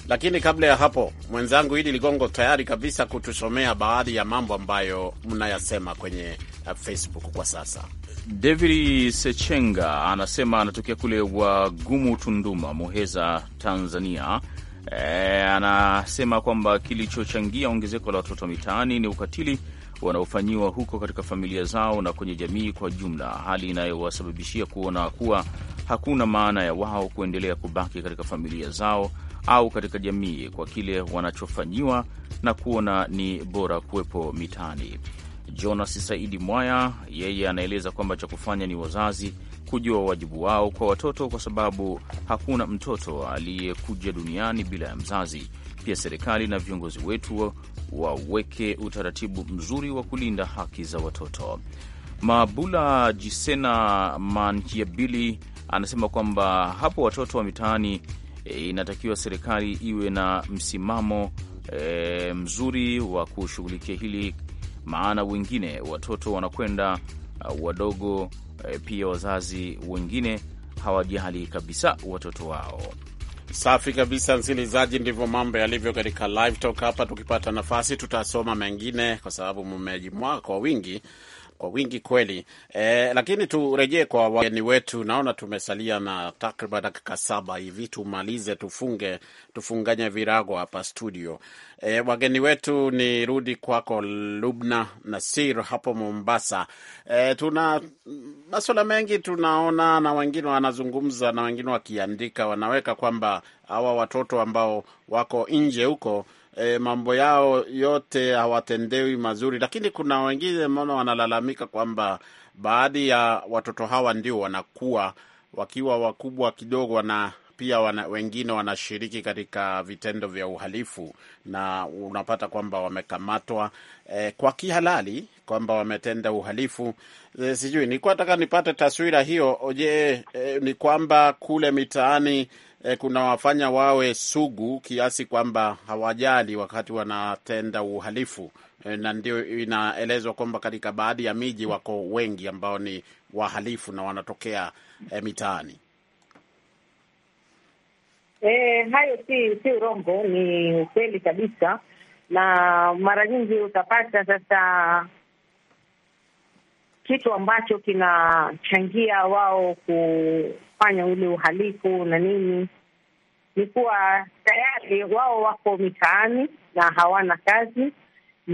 lakini kabla ya hapo, mwenzangu Idi Ligongo tayari kabisa kutusomea baadhi ya mambo ambayo mnayasema kwenye eh, Facebook kwa sasa. David Sechenga anasema anatokea kule Wagumu, Tunduma, Muheza, Tanzania. E, anasema kwamba kilichochangia ongezeko la watoto mitaani ni ukatili wanaofanyiwa huko katika familia zao na kwenye jamii kwa jumla, hali inayowasababishia kuona kuwa hakuna maana ya wao kuendelea kubaki katika familia zao au katika jamii kwa kile wanachofanyiwa na kuona ni bora kuwepo mitaani. Jonas Saidi Mwaya yeye anaeleza kwamba cha kufanya ni wazazi kujua wajibu wao kwa watoto, kwa sababu hakuna mtoto aliyekuja duniani bila ya mzazi. Pia serikali na viongozi wetu waweke utaratibu mzuri wa kulinda haki za watoto. Mabula Jisena manhiabili anasema kwamba hapo watoto wa mitaani e, inatakiwa serikali iwe na msimamo e, mzuri wa kushughulikia hili maana wengine watoto wanakwenda uh, wadogo, eh, pia wazazi wengine hawajali kabisa watoto wao. Safi kabisa, msikilizaji, ndivyo mambo yalivyo katika Live Talk hapa. Tukipata nafasi, tutasoma mengine kwa sababu mmejimwaa kwa wingi kwa wingi kweli e, lakini turejee kwa wageni wetu. Naona tumesalia na takriban dakika saba hivi, tumalize tufunge, tufunganye virago hapa studio. E, wageni wetu ni rudi kwako Lubna Nasir hapo Mombasa. E, tuna maswala mengi tunaona, na wengine wanazungumza na wengine wakiandika, wanaweka kwamba hawa watoto ambao wako nje huko e, mambo yao yote hawatendewi mazuri, lakini kuna wengine mona wanalalamika kwamba baadhi ya watoto hawa ndio wanakuwa wakiwa wakubwa kidogo na pia wana, wengine wanashiriki katika vitendo vya uhalifu na unapata kwamba wamekamatwa eh, kwa kihalali kwamba wametenda uhalifu eh, sijui nilikuwa nataka nipate taswira hiyo. Je, eh, ni kwamba kule mitaani e, kunawafanya wawe sugu kiasi kwamba hawajali wakati wanatenda uhalifu e, na ndio inaelezwa kwamba katika baadhi ya miji wako wengi ambao ni wahalifu na wanatokea e, mitaani. E, hayo si si urongo, ni ukweli kabisa, na mara nyingi utapata sasa kitu ambacho kinachangia wao ku kufanya ule uhalifu na nini, ni kuwa tayari wao wako mitaani na hawana kazi.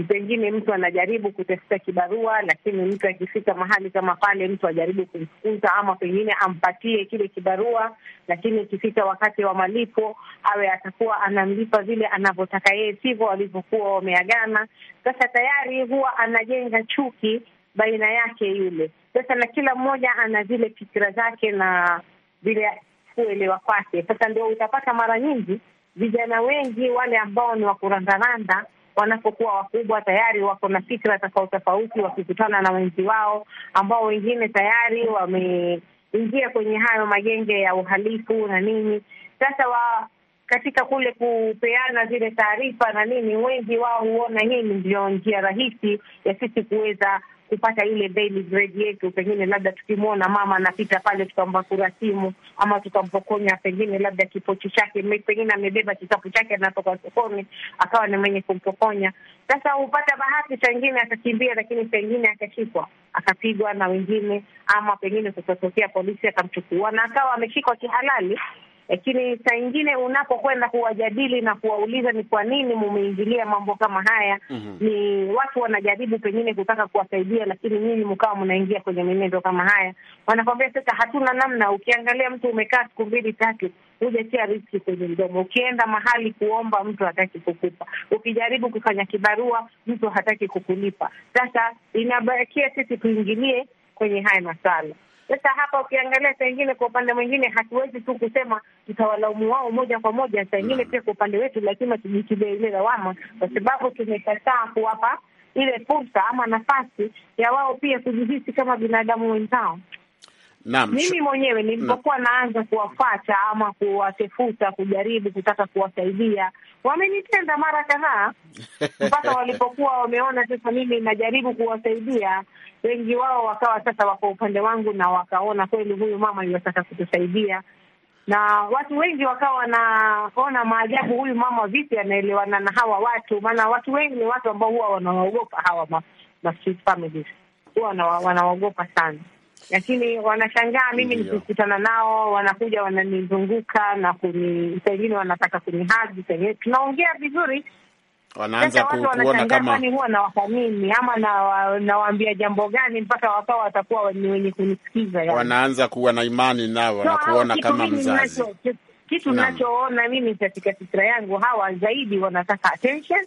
Pengine mtu anajaribu kutafuta kibarua, lakini mtu akifika mahali kama pale, mtu ajaribu kumfukuza ama pengine ampatie kile kibarua, lakini ikifika wakati wa malipo awe atakuwa anamlipa vile anavyotaka yeye, sivyo walivyokuwa wameagana. Sasa tayari huwa anajenga chuki baina yake yule sasa, na kila mmoja ana zile fikira zake na bila ya kuelewa kwake. Sasa ndio utapata mara nyingi vijana wengi wale ambao ni wakurandaranda wanapokuwa wakubwa tayari wako na fikra tofauti tofauti, wakikutana na wenzi wao ambao wengine tayari wameingia kwenye hayo magenge ya uhalifu na nini. Sasa wa, katika kule kupeana zile taarifa na nini, wengi wao huona hii ndio njia rahisi ya sisi kuweza kupata ile daily yetu. Pengine labda tukimwona mama anapita pale, tukambakura simu ama tukampokonya pengine labda kipochi chake, pengine amebeba kikapu chake, anatoka sokoni akawa ni mwenye kumpokonya. Sasa hupata bahati, sangine akakimbia, lakini pengine akashikwa akapigwa na wengine, ama pengine kukatokea polisi akamchukua na akawa ameshikwa kihalali, lakini saa ingine unapokwenda kuwajadili na kuwauliza ni kwa nini mumeingilia mambo kama haya, mm -hmm. ni watu wanajaribu pengine kutaka kuwasaidia, lakini nyinyi mkawa mnaingia kwenye mienendo kama haya. Wanakwambia sasa hatuna namna. Ukiangalia mtu umekaa siku mbili tatu, hujatia riski kwenye mdomo. Ukienda mahali kuomba, mtu hataki kukupa. Ukijaribu kufanya kibarua, mtu hataki kukulipa. Sasa inabakia sisi tuingilie kwenye haya masala. Sasa hapa ukiangalia, saa ingine kwa upande mwingine hatuwezi tu kusema tutawalaumu wao moja kwa moja. Saa ingine mm. pia kwa upande wetu lazima tujikilia ile lawama, kwa sababu tumekataa kuwapa ile fursa ama nafasi ya wao pia kujihisi kama binadamu wenzao. Naam, mimi mwenyewe nilipokuwa naanza kuwafata ama kuwatefuta kujaribu kutaka kuwasaidia, wamenitenda mara kadhaa *laughs* mpaka walipokuwa wameona sasa mimi najaribu kuwasaidia, wengi wao wakawa sasa wako upande wangu na wakaona kweli huyu mama yuwataka kutusaidia, na watu wengi wakawa wanaona maajabu, huyu mama vipi anaelewana na hawa watu? Maana watu wengi ni watu ambao huwa wanawaogopa hawa ma, ma street families, huwa wanawaogopa sana lakini wanashangaa mimi nikikutana nao wanakuja wananizunguka na kuni, pengine wanataka kunihadi, pengine tunaongea vizuri wanaanza kuona kama huwa na wafanini ama nawaambia na jambo gani mpaka wakawa watakuwa ni wenye kunisikiza yani. Wanaanza kuwa na imani nao na kuona kama mzazi. Kitu nachoona mimi katika fikra yangu, hawa zaidi wanataka attention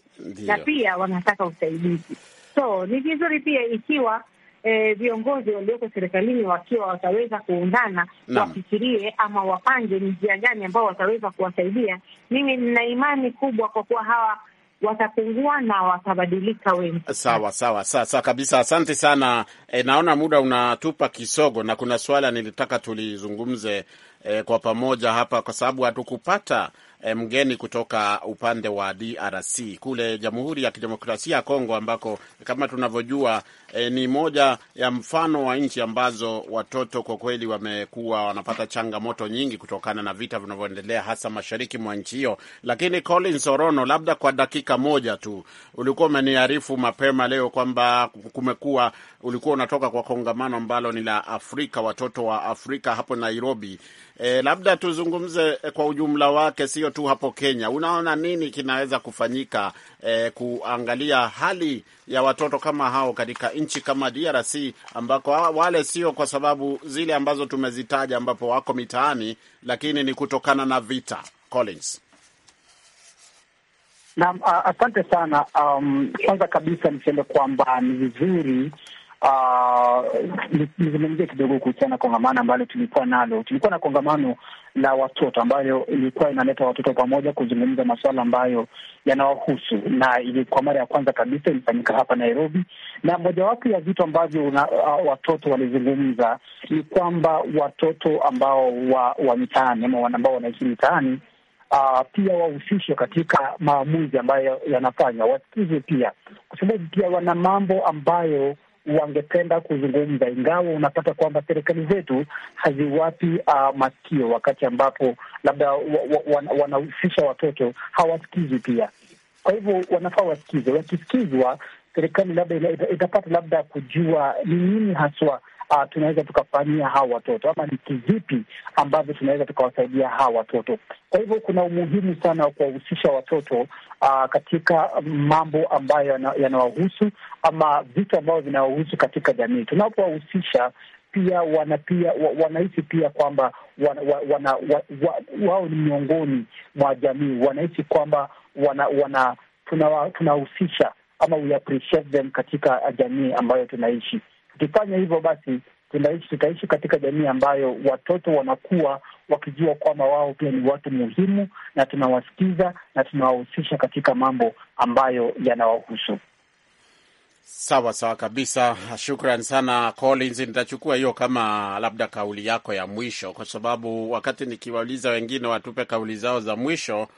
na pia wanataka usaidizi, so ni vizuri pia ikiwa E, viongozi e, walioko serikalini wakiwa wataweza kuungana wafikirie ama wapange ni njia gani ambao wataweza kuwasaidia. Mimi nina imani kubwa kwa kuwa hawa watapungua na watabadilika wengi. Sawa sawa, sawa kabisa. Asante sana. E, naona muda unatupa kisogo, na kuna suala nilitaka tulizungumze e, kwa pamoja hapa kwa sababu hatukupata e, mgeni kutoka upande wa DRC kule Jamhuri ya Kidemokrasia ya Kongo ambako kama tunavyojua e, ni moja ya mfano wa nchi ambazo watoto kwa kweli wamekuwa wanapata changamoto nyingi kutokana na vita vinavyoendelea hasa mashariki mwa nchi hiyo. Lakini Collins Orono, labda kwa dakika moja tu, ulikuwa umeniarifu mapema leo kwamba kumekuwa, ulikuwa unatoka kwa kongamano ambalo ni la Afrika, watoto wa Afrika hapo Nairobi E, labda tuzungumze eh, kwa ujumla wake, sio tu hapo Kenya. Unaona nini kinaweza kufanyika e, kuangalia hali ya watoto kama hao katika nchi kama DRC ambako wale sio kwa sababu zile ambazo tumezitaja, ambapo wako mitaani, lakini ni kutokana na vita. Collins. Naam, asante sana. Um, kwanza kabisa niseme kwamba ni vizuri Ah, nizungumzia uh, kidogo kuhusiana kongamano ambalo tulikuwa nalo. Tulikuwa na kongamano la watoto ambayo ilikuwa inaleta watoto pamoja kuzungumza masuala ambayo yanawahusu, na ili kwa mara ya kwanza kabisa ilifanyika hapa Nairobi, na mojawapo ya vitu ambavyo uh, watoto walizungumza ni kwamba watoto ambao wa, wa mitaani ama ambao wanaishi mitaani Uh, pia wahusishwe katika maamuzi ambayo yanafanywa, wasikize pia, kwa sababu pia wana mambo ambayo wangependa kuzungumza, ingawa unapata kwamba serikali zetu haziwapi uh, masikio, wakati ambapo labda wanahusisha watoto hawasikizwi pia. Kwa hivyo wanafaa wasikizwe, wakisikizwa serikali labda itapata labda kujua ni nini haswa uh, tunaweza tukafanyia hawa watoto ama ni kivipi ambavyo tunaweza tukawasaidia hawa watoto. Kwa hivyo kuna umuhimu sana wa kuwahusisha watoto uh, katika mambo ambayo yanawahusu ama vitu ambavyo vinawahusu katika jamii. Tunapowahusisha pia wana pia wanahisi pia kwamba wana, wana, wa, wao ni miongoni mwa jamii, wanahisi kwamba wana, wana tunawahusisha ama we appreciate them katika jamii ambayo tunaishi. Tukifanya hivyo basi tunaishi tutaishi katika jamii ambayo watoto wanakuwa wakijua kwamba wao pia ni watu muhimu, na tunawasikiza na tunawahusisha katika mambo ambayo yanawahusu. Sawa sawa kabisa, shukran sana Collins. Nitachukua hiyo kama labda kauli yako ya mwisho, kwa sababu wakati nikiwauliza wengine watupe kauli zao za mwisho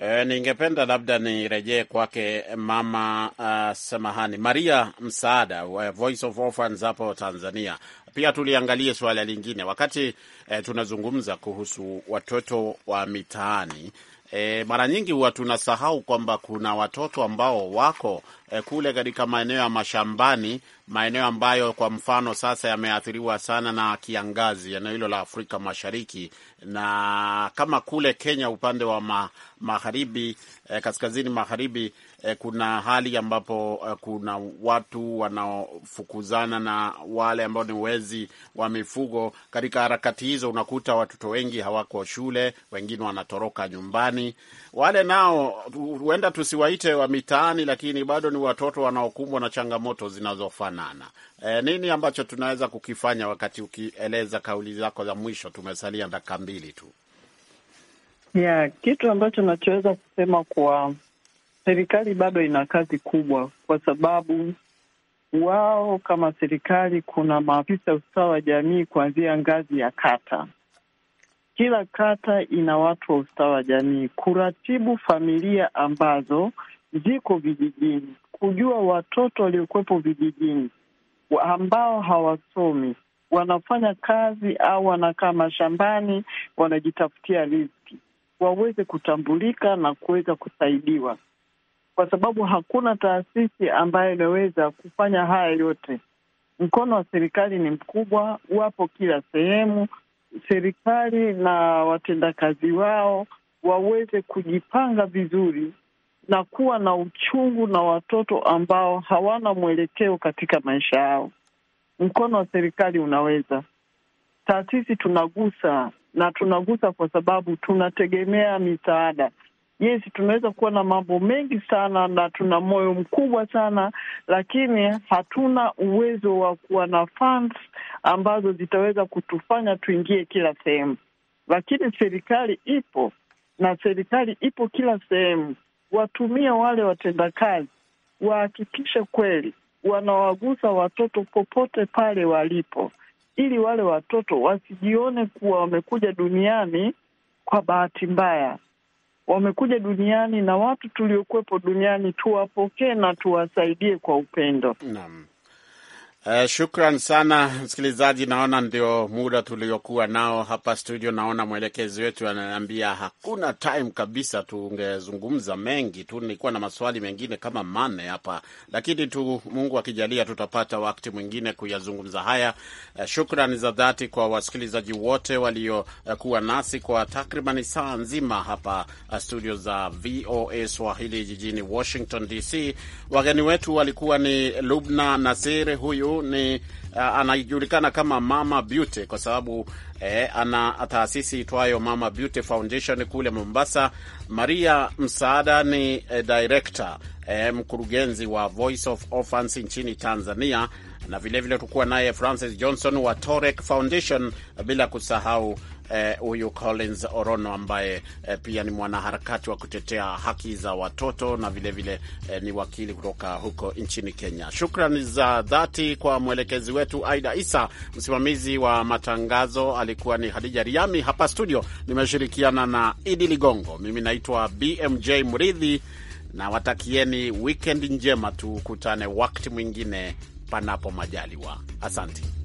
E, ningependa labda nirejee kwake mama uh, samahani Maria Msaada wa Voice of Orphans hapo Tanzania. Pia tuliangalie suala lingine wakati eh, tunazungumza kuhusu watoto wa mitaani E, mara nyingi huwa tunasahau kwamba kuna watoto ambao wako e, kule katika maeneo ya mashambani, maeneo ambayo kwa mfano sasa yameathiriwa sana na kiangazi, eneo hilo la Afrika Mashariki na kama kule Kenya upande wa ma, magharibi e, kaskazini magharibi Eh, kuna hali ambapo eh, kuna watu wanaofukuzana na wale ambao ni wezi wa mifugo. Katika harakati hizo, unakuta watoto wengi hawako shule, wengine wanatoroka nyumbani. Wale nao huenda tusiwaite wa mitaani, lakini bado ni watoto wanaokumbwa na changamoto zinazofanana. E, nini ambacho tunaweza kukifanya? Wakati ukieleza kauli zako za mwisho, tumesalia dakika mbili tu. Yeah, kitu ambacho nachoweza kusema kwa serikali bado ina kazi kubwa, kwa sababu wao kama serikali, kuna maafisa ustawi wa jamii kuanzia ngazi ya kata. Kila kata ina watu wa ustawi wa jamii kuratibu familia ambazo ziko vijijini, kujua watoto waliokuwepo vijijini ambao hawasomi wanafanya kazi au wanakaa mashambani wanajitafutia riziki, waweze kutambulika na kuweza kusaidiwa kwa sababu hakuna taasisi ambayo inaweza kufanya haya yote. Mkono wa serikali ni mkubwa, wapo kila sehemu. Serikali na watendakazi wao waweze kujipanga vizuri na kuwa na uchungu na watoto ambao hawana mwelekeo katika maisha yao. Mkono wa serikali unaweza. Taasisi tunagusa na tunagusa kwa sababu tunategemea misaada jinsi tunaweza kuwa na mambo mengi sana na tuna moyo mkubwa sana, lakini hatuna uwezo wa kuwa na funds ambazo zitaweza kutufanya tuingie kila sehemu. Lakini serikali ipo na serikali ipo kila sehemu. Watumie wale watendakazi, wahakikishe kweli wanawagusa watoto popote pale walipo, ili wale watoto wasijione kuwa wamekuja duniani kwa bahati mbaya wamekuja duniani na watu tuliokuwepo duniani tuwapokee na tuwasaidie kwa upendo. Naam. Uh, shukran sana msikilizaji. Naona ndio muda tuliokuwa nao hapa studio. Naona mwelekezi wetu ananiambia hakuna time kabisa. Tungezungumza mengi tu, nilikuwa na maswali mengine kama manne hapa, lakini tu Mungu akijalia tutapata wakati mwingine kuyazungumza haya. Uh, shukran za dhati kwa wasikilizaji wote waliokuwa uh, nasi kwa takriban saa nzima hapa uh, studio za VOA Swahili jijini Washington DC. Wageni wetu walikuwa ni Lubna Nasir huyu ni uh, anajulikana kama Mama Beauty kwa sababu eh, ana taasisi itwayo Mama Beauty Foundation kule Mombasa. Maria Msaada ni eh, director eh, mkurugenzi wa Voice of Orphans nchini Tanzania, na vilevile tukuwa naye Francis Johnson wa Torek Foundation, bila kusahau Eh, huyu eh, Collins Orono ambaye eh, pia ni mwanaharakati wa kutetea haki za watoto na vilevile vile, eh, ni wakili kutoka huko nchini Kenya. Shukrani za dhati kwa mwelekezi wetu Aida Isa, msimamizi wa matangazo alikuwa ni Hadija Riami. Hapa studio nimeshirikiana na Idi Ligongo, mimi naitwa BMJ Muridhi na watakieni wikendi njema, tukutane wakati mwingine panapo majaliwa. Asante.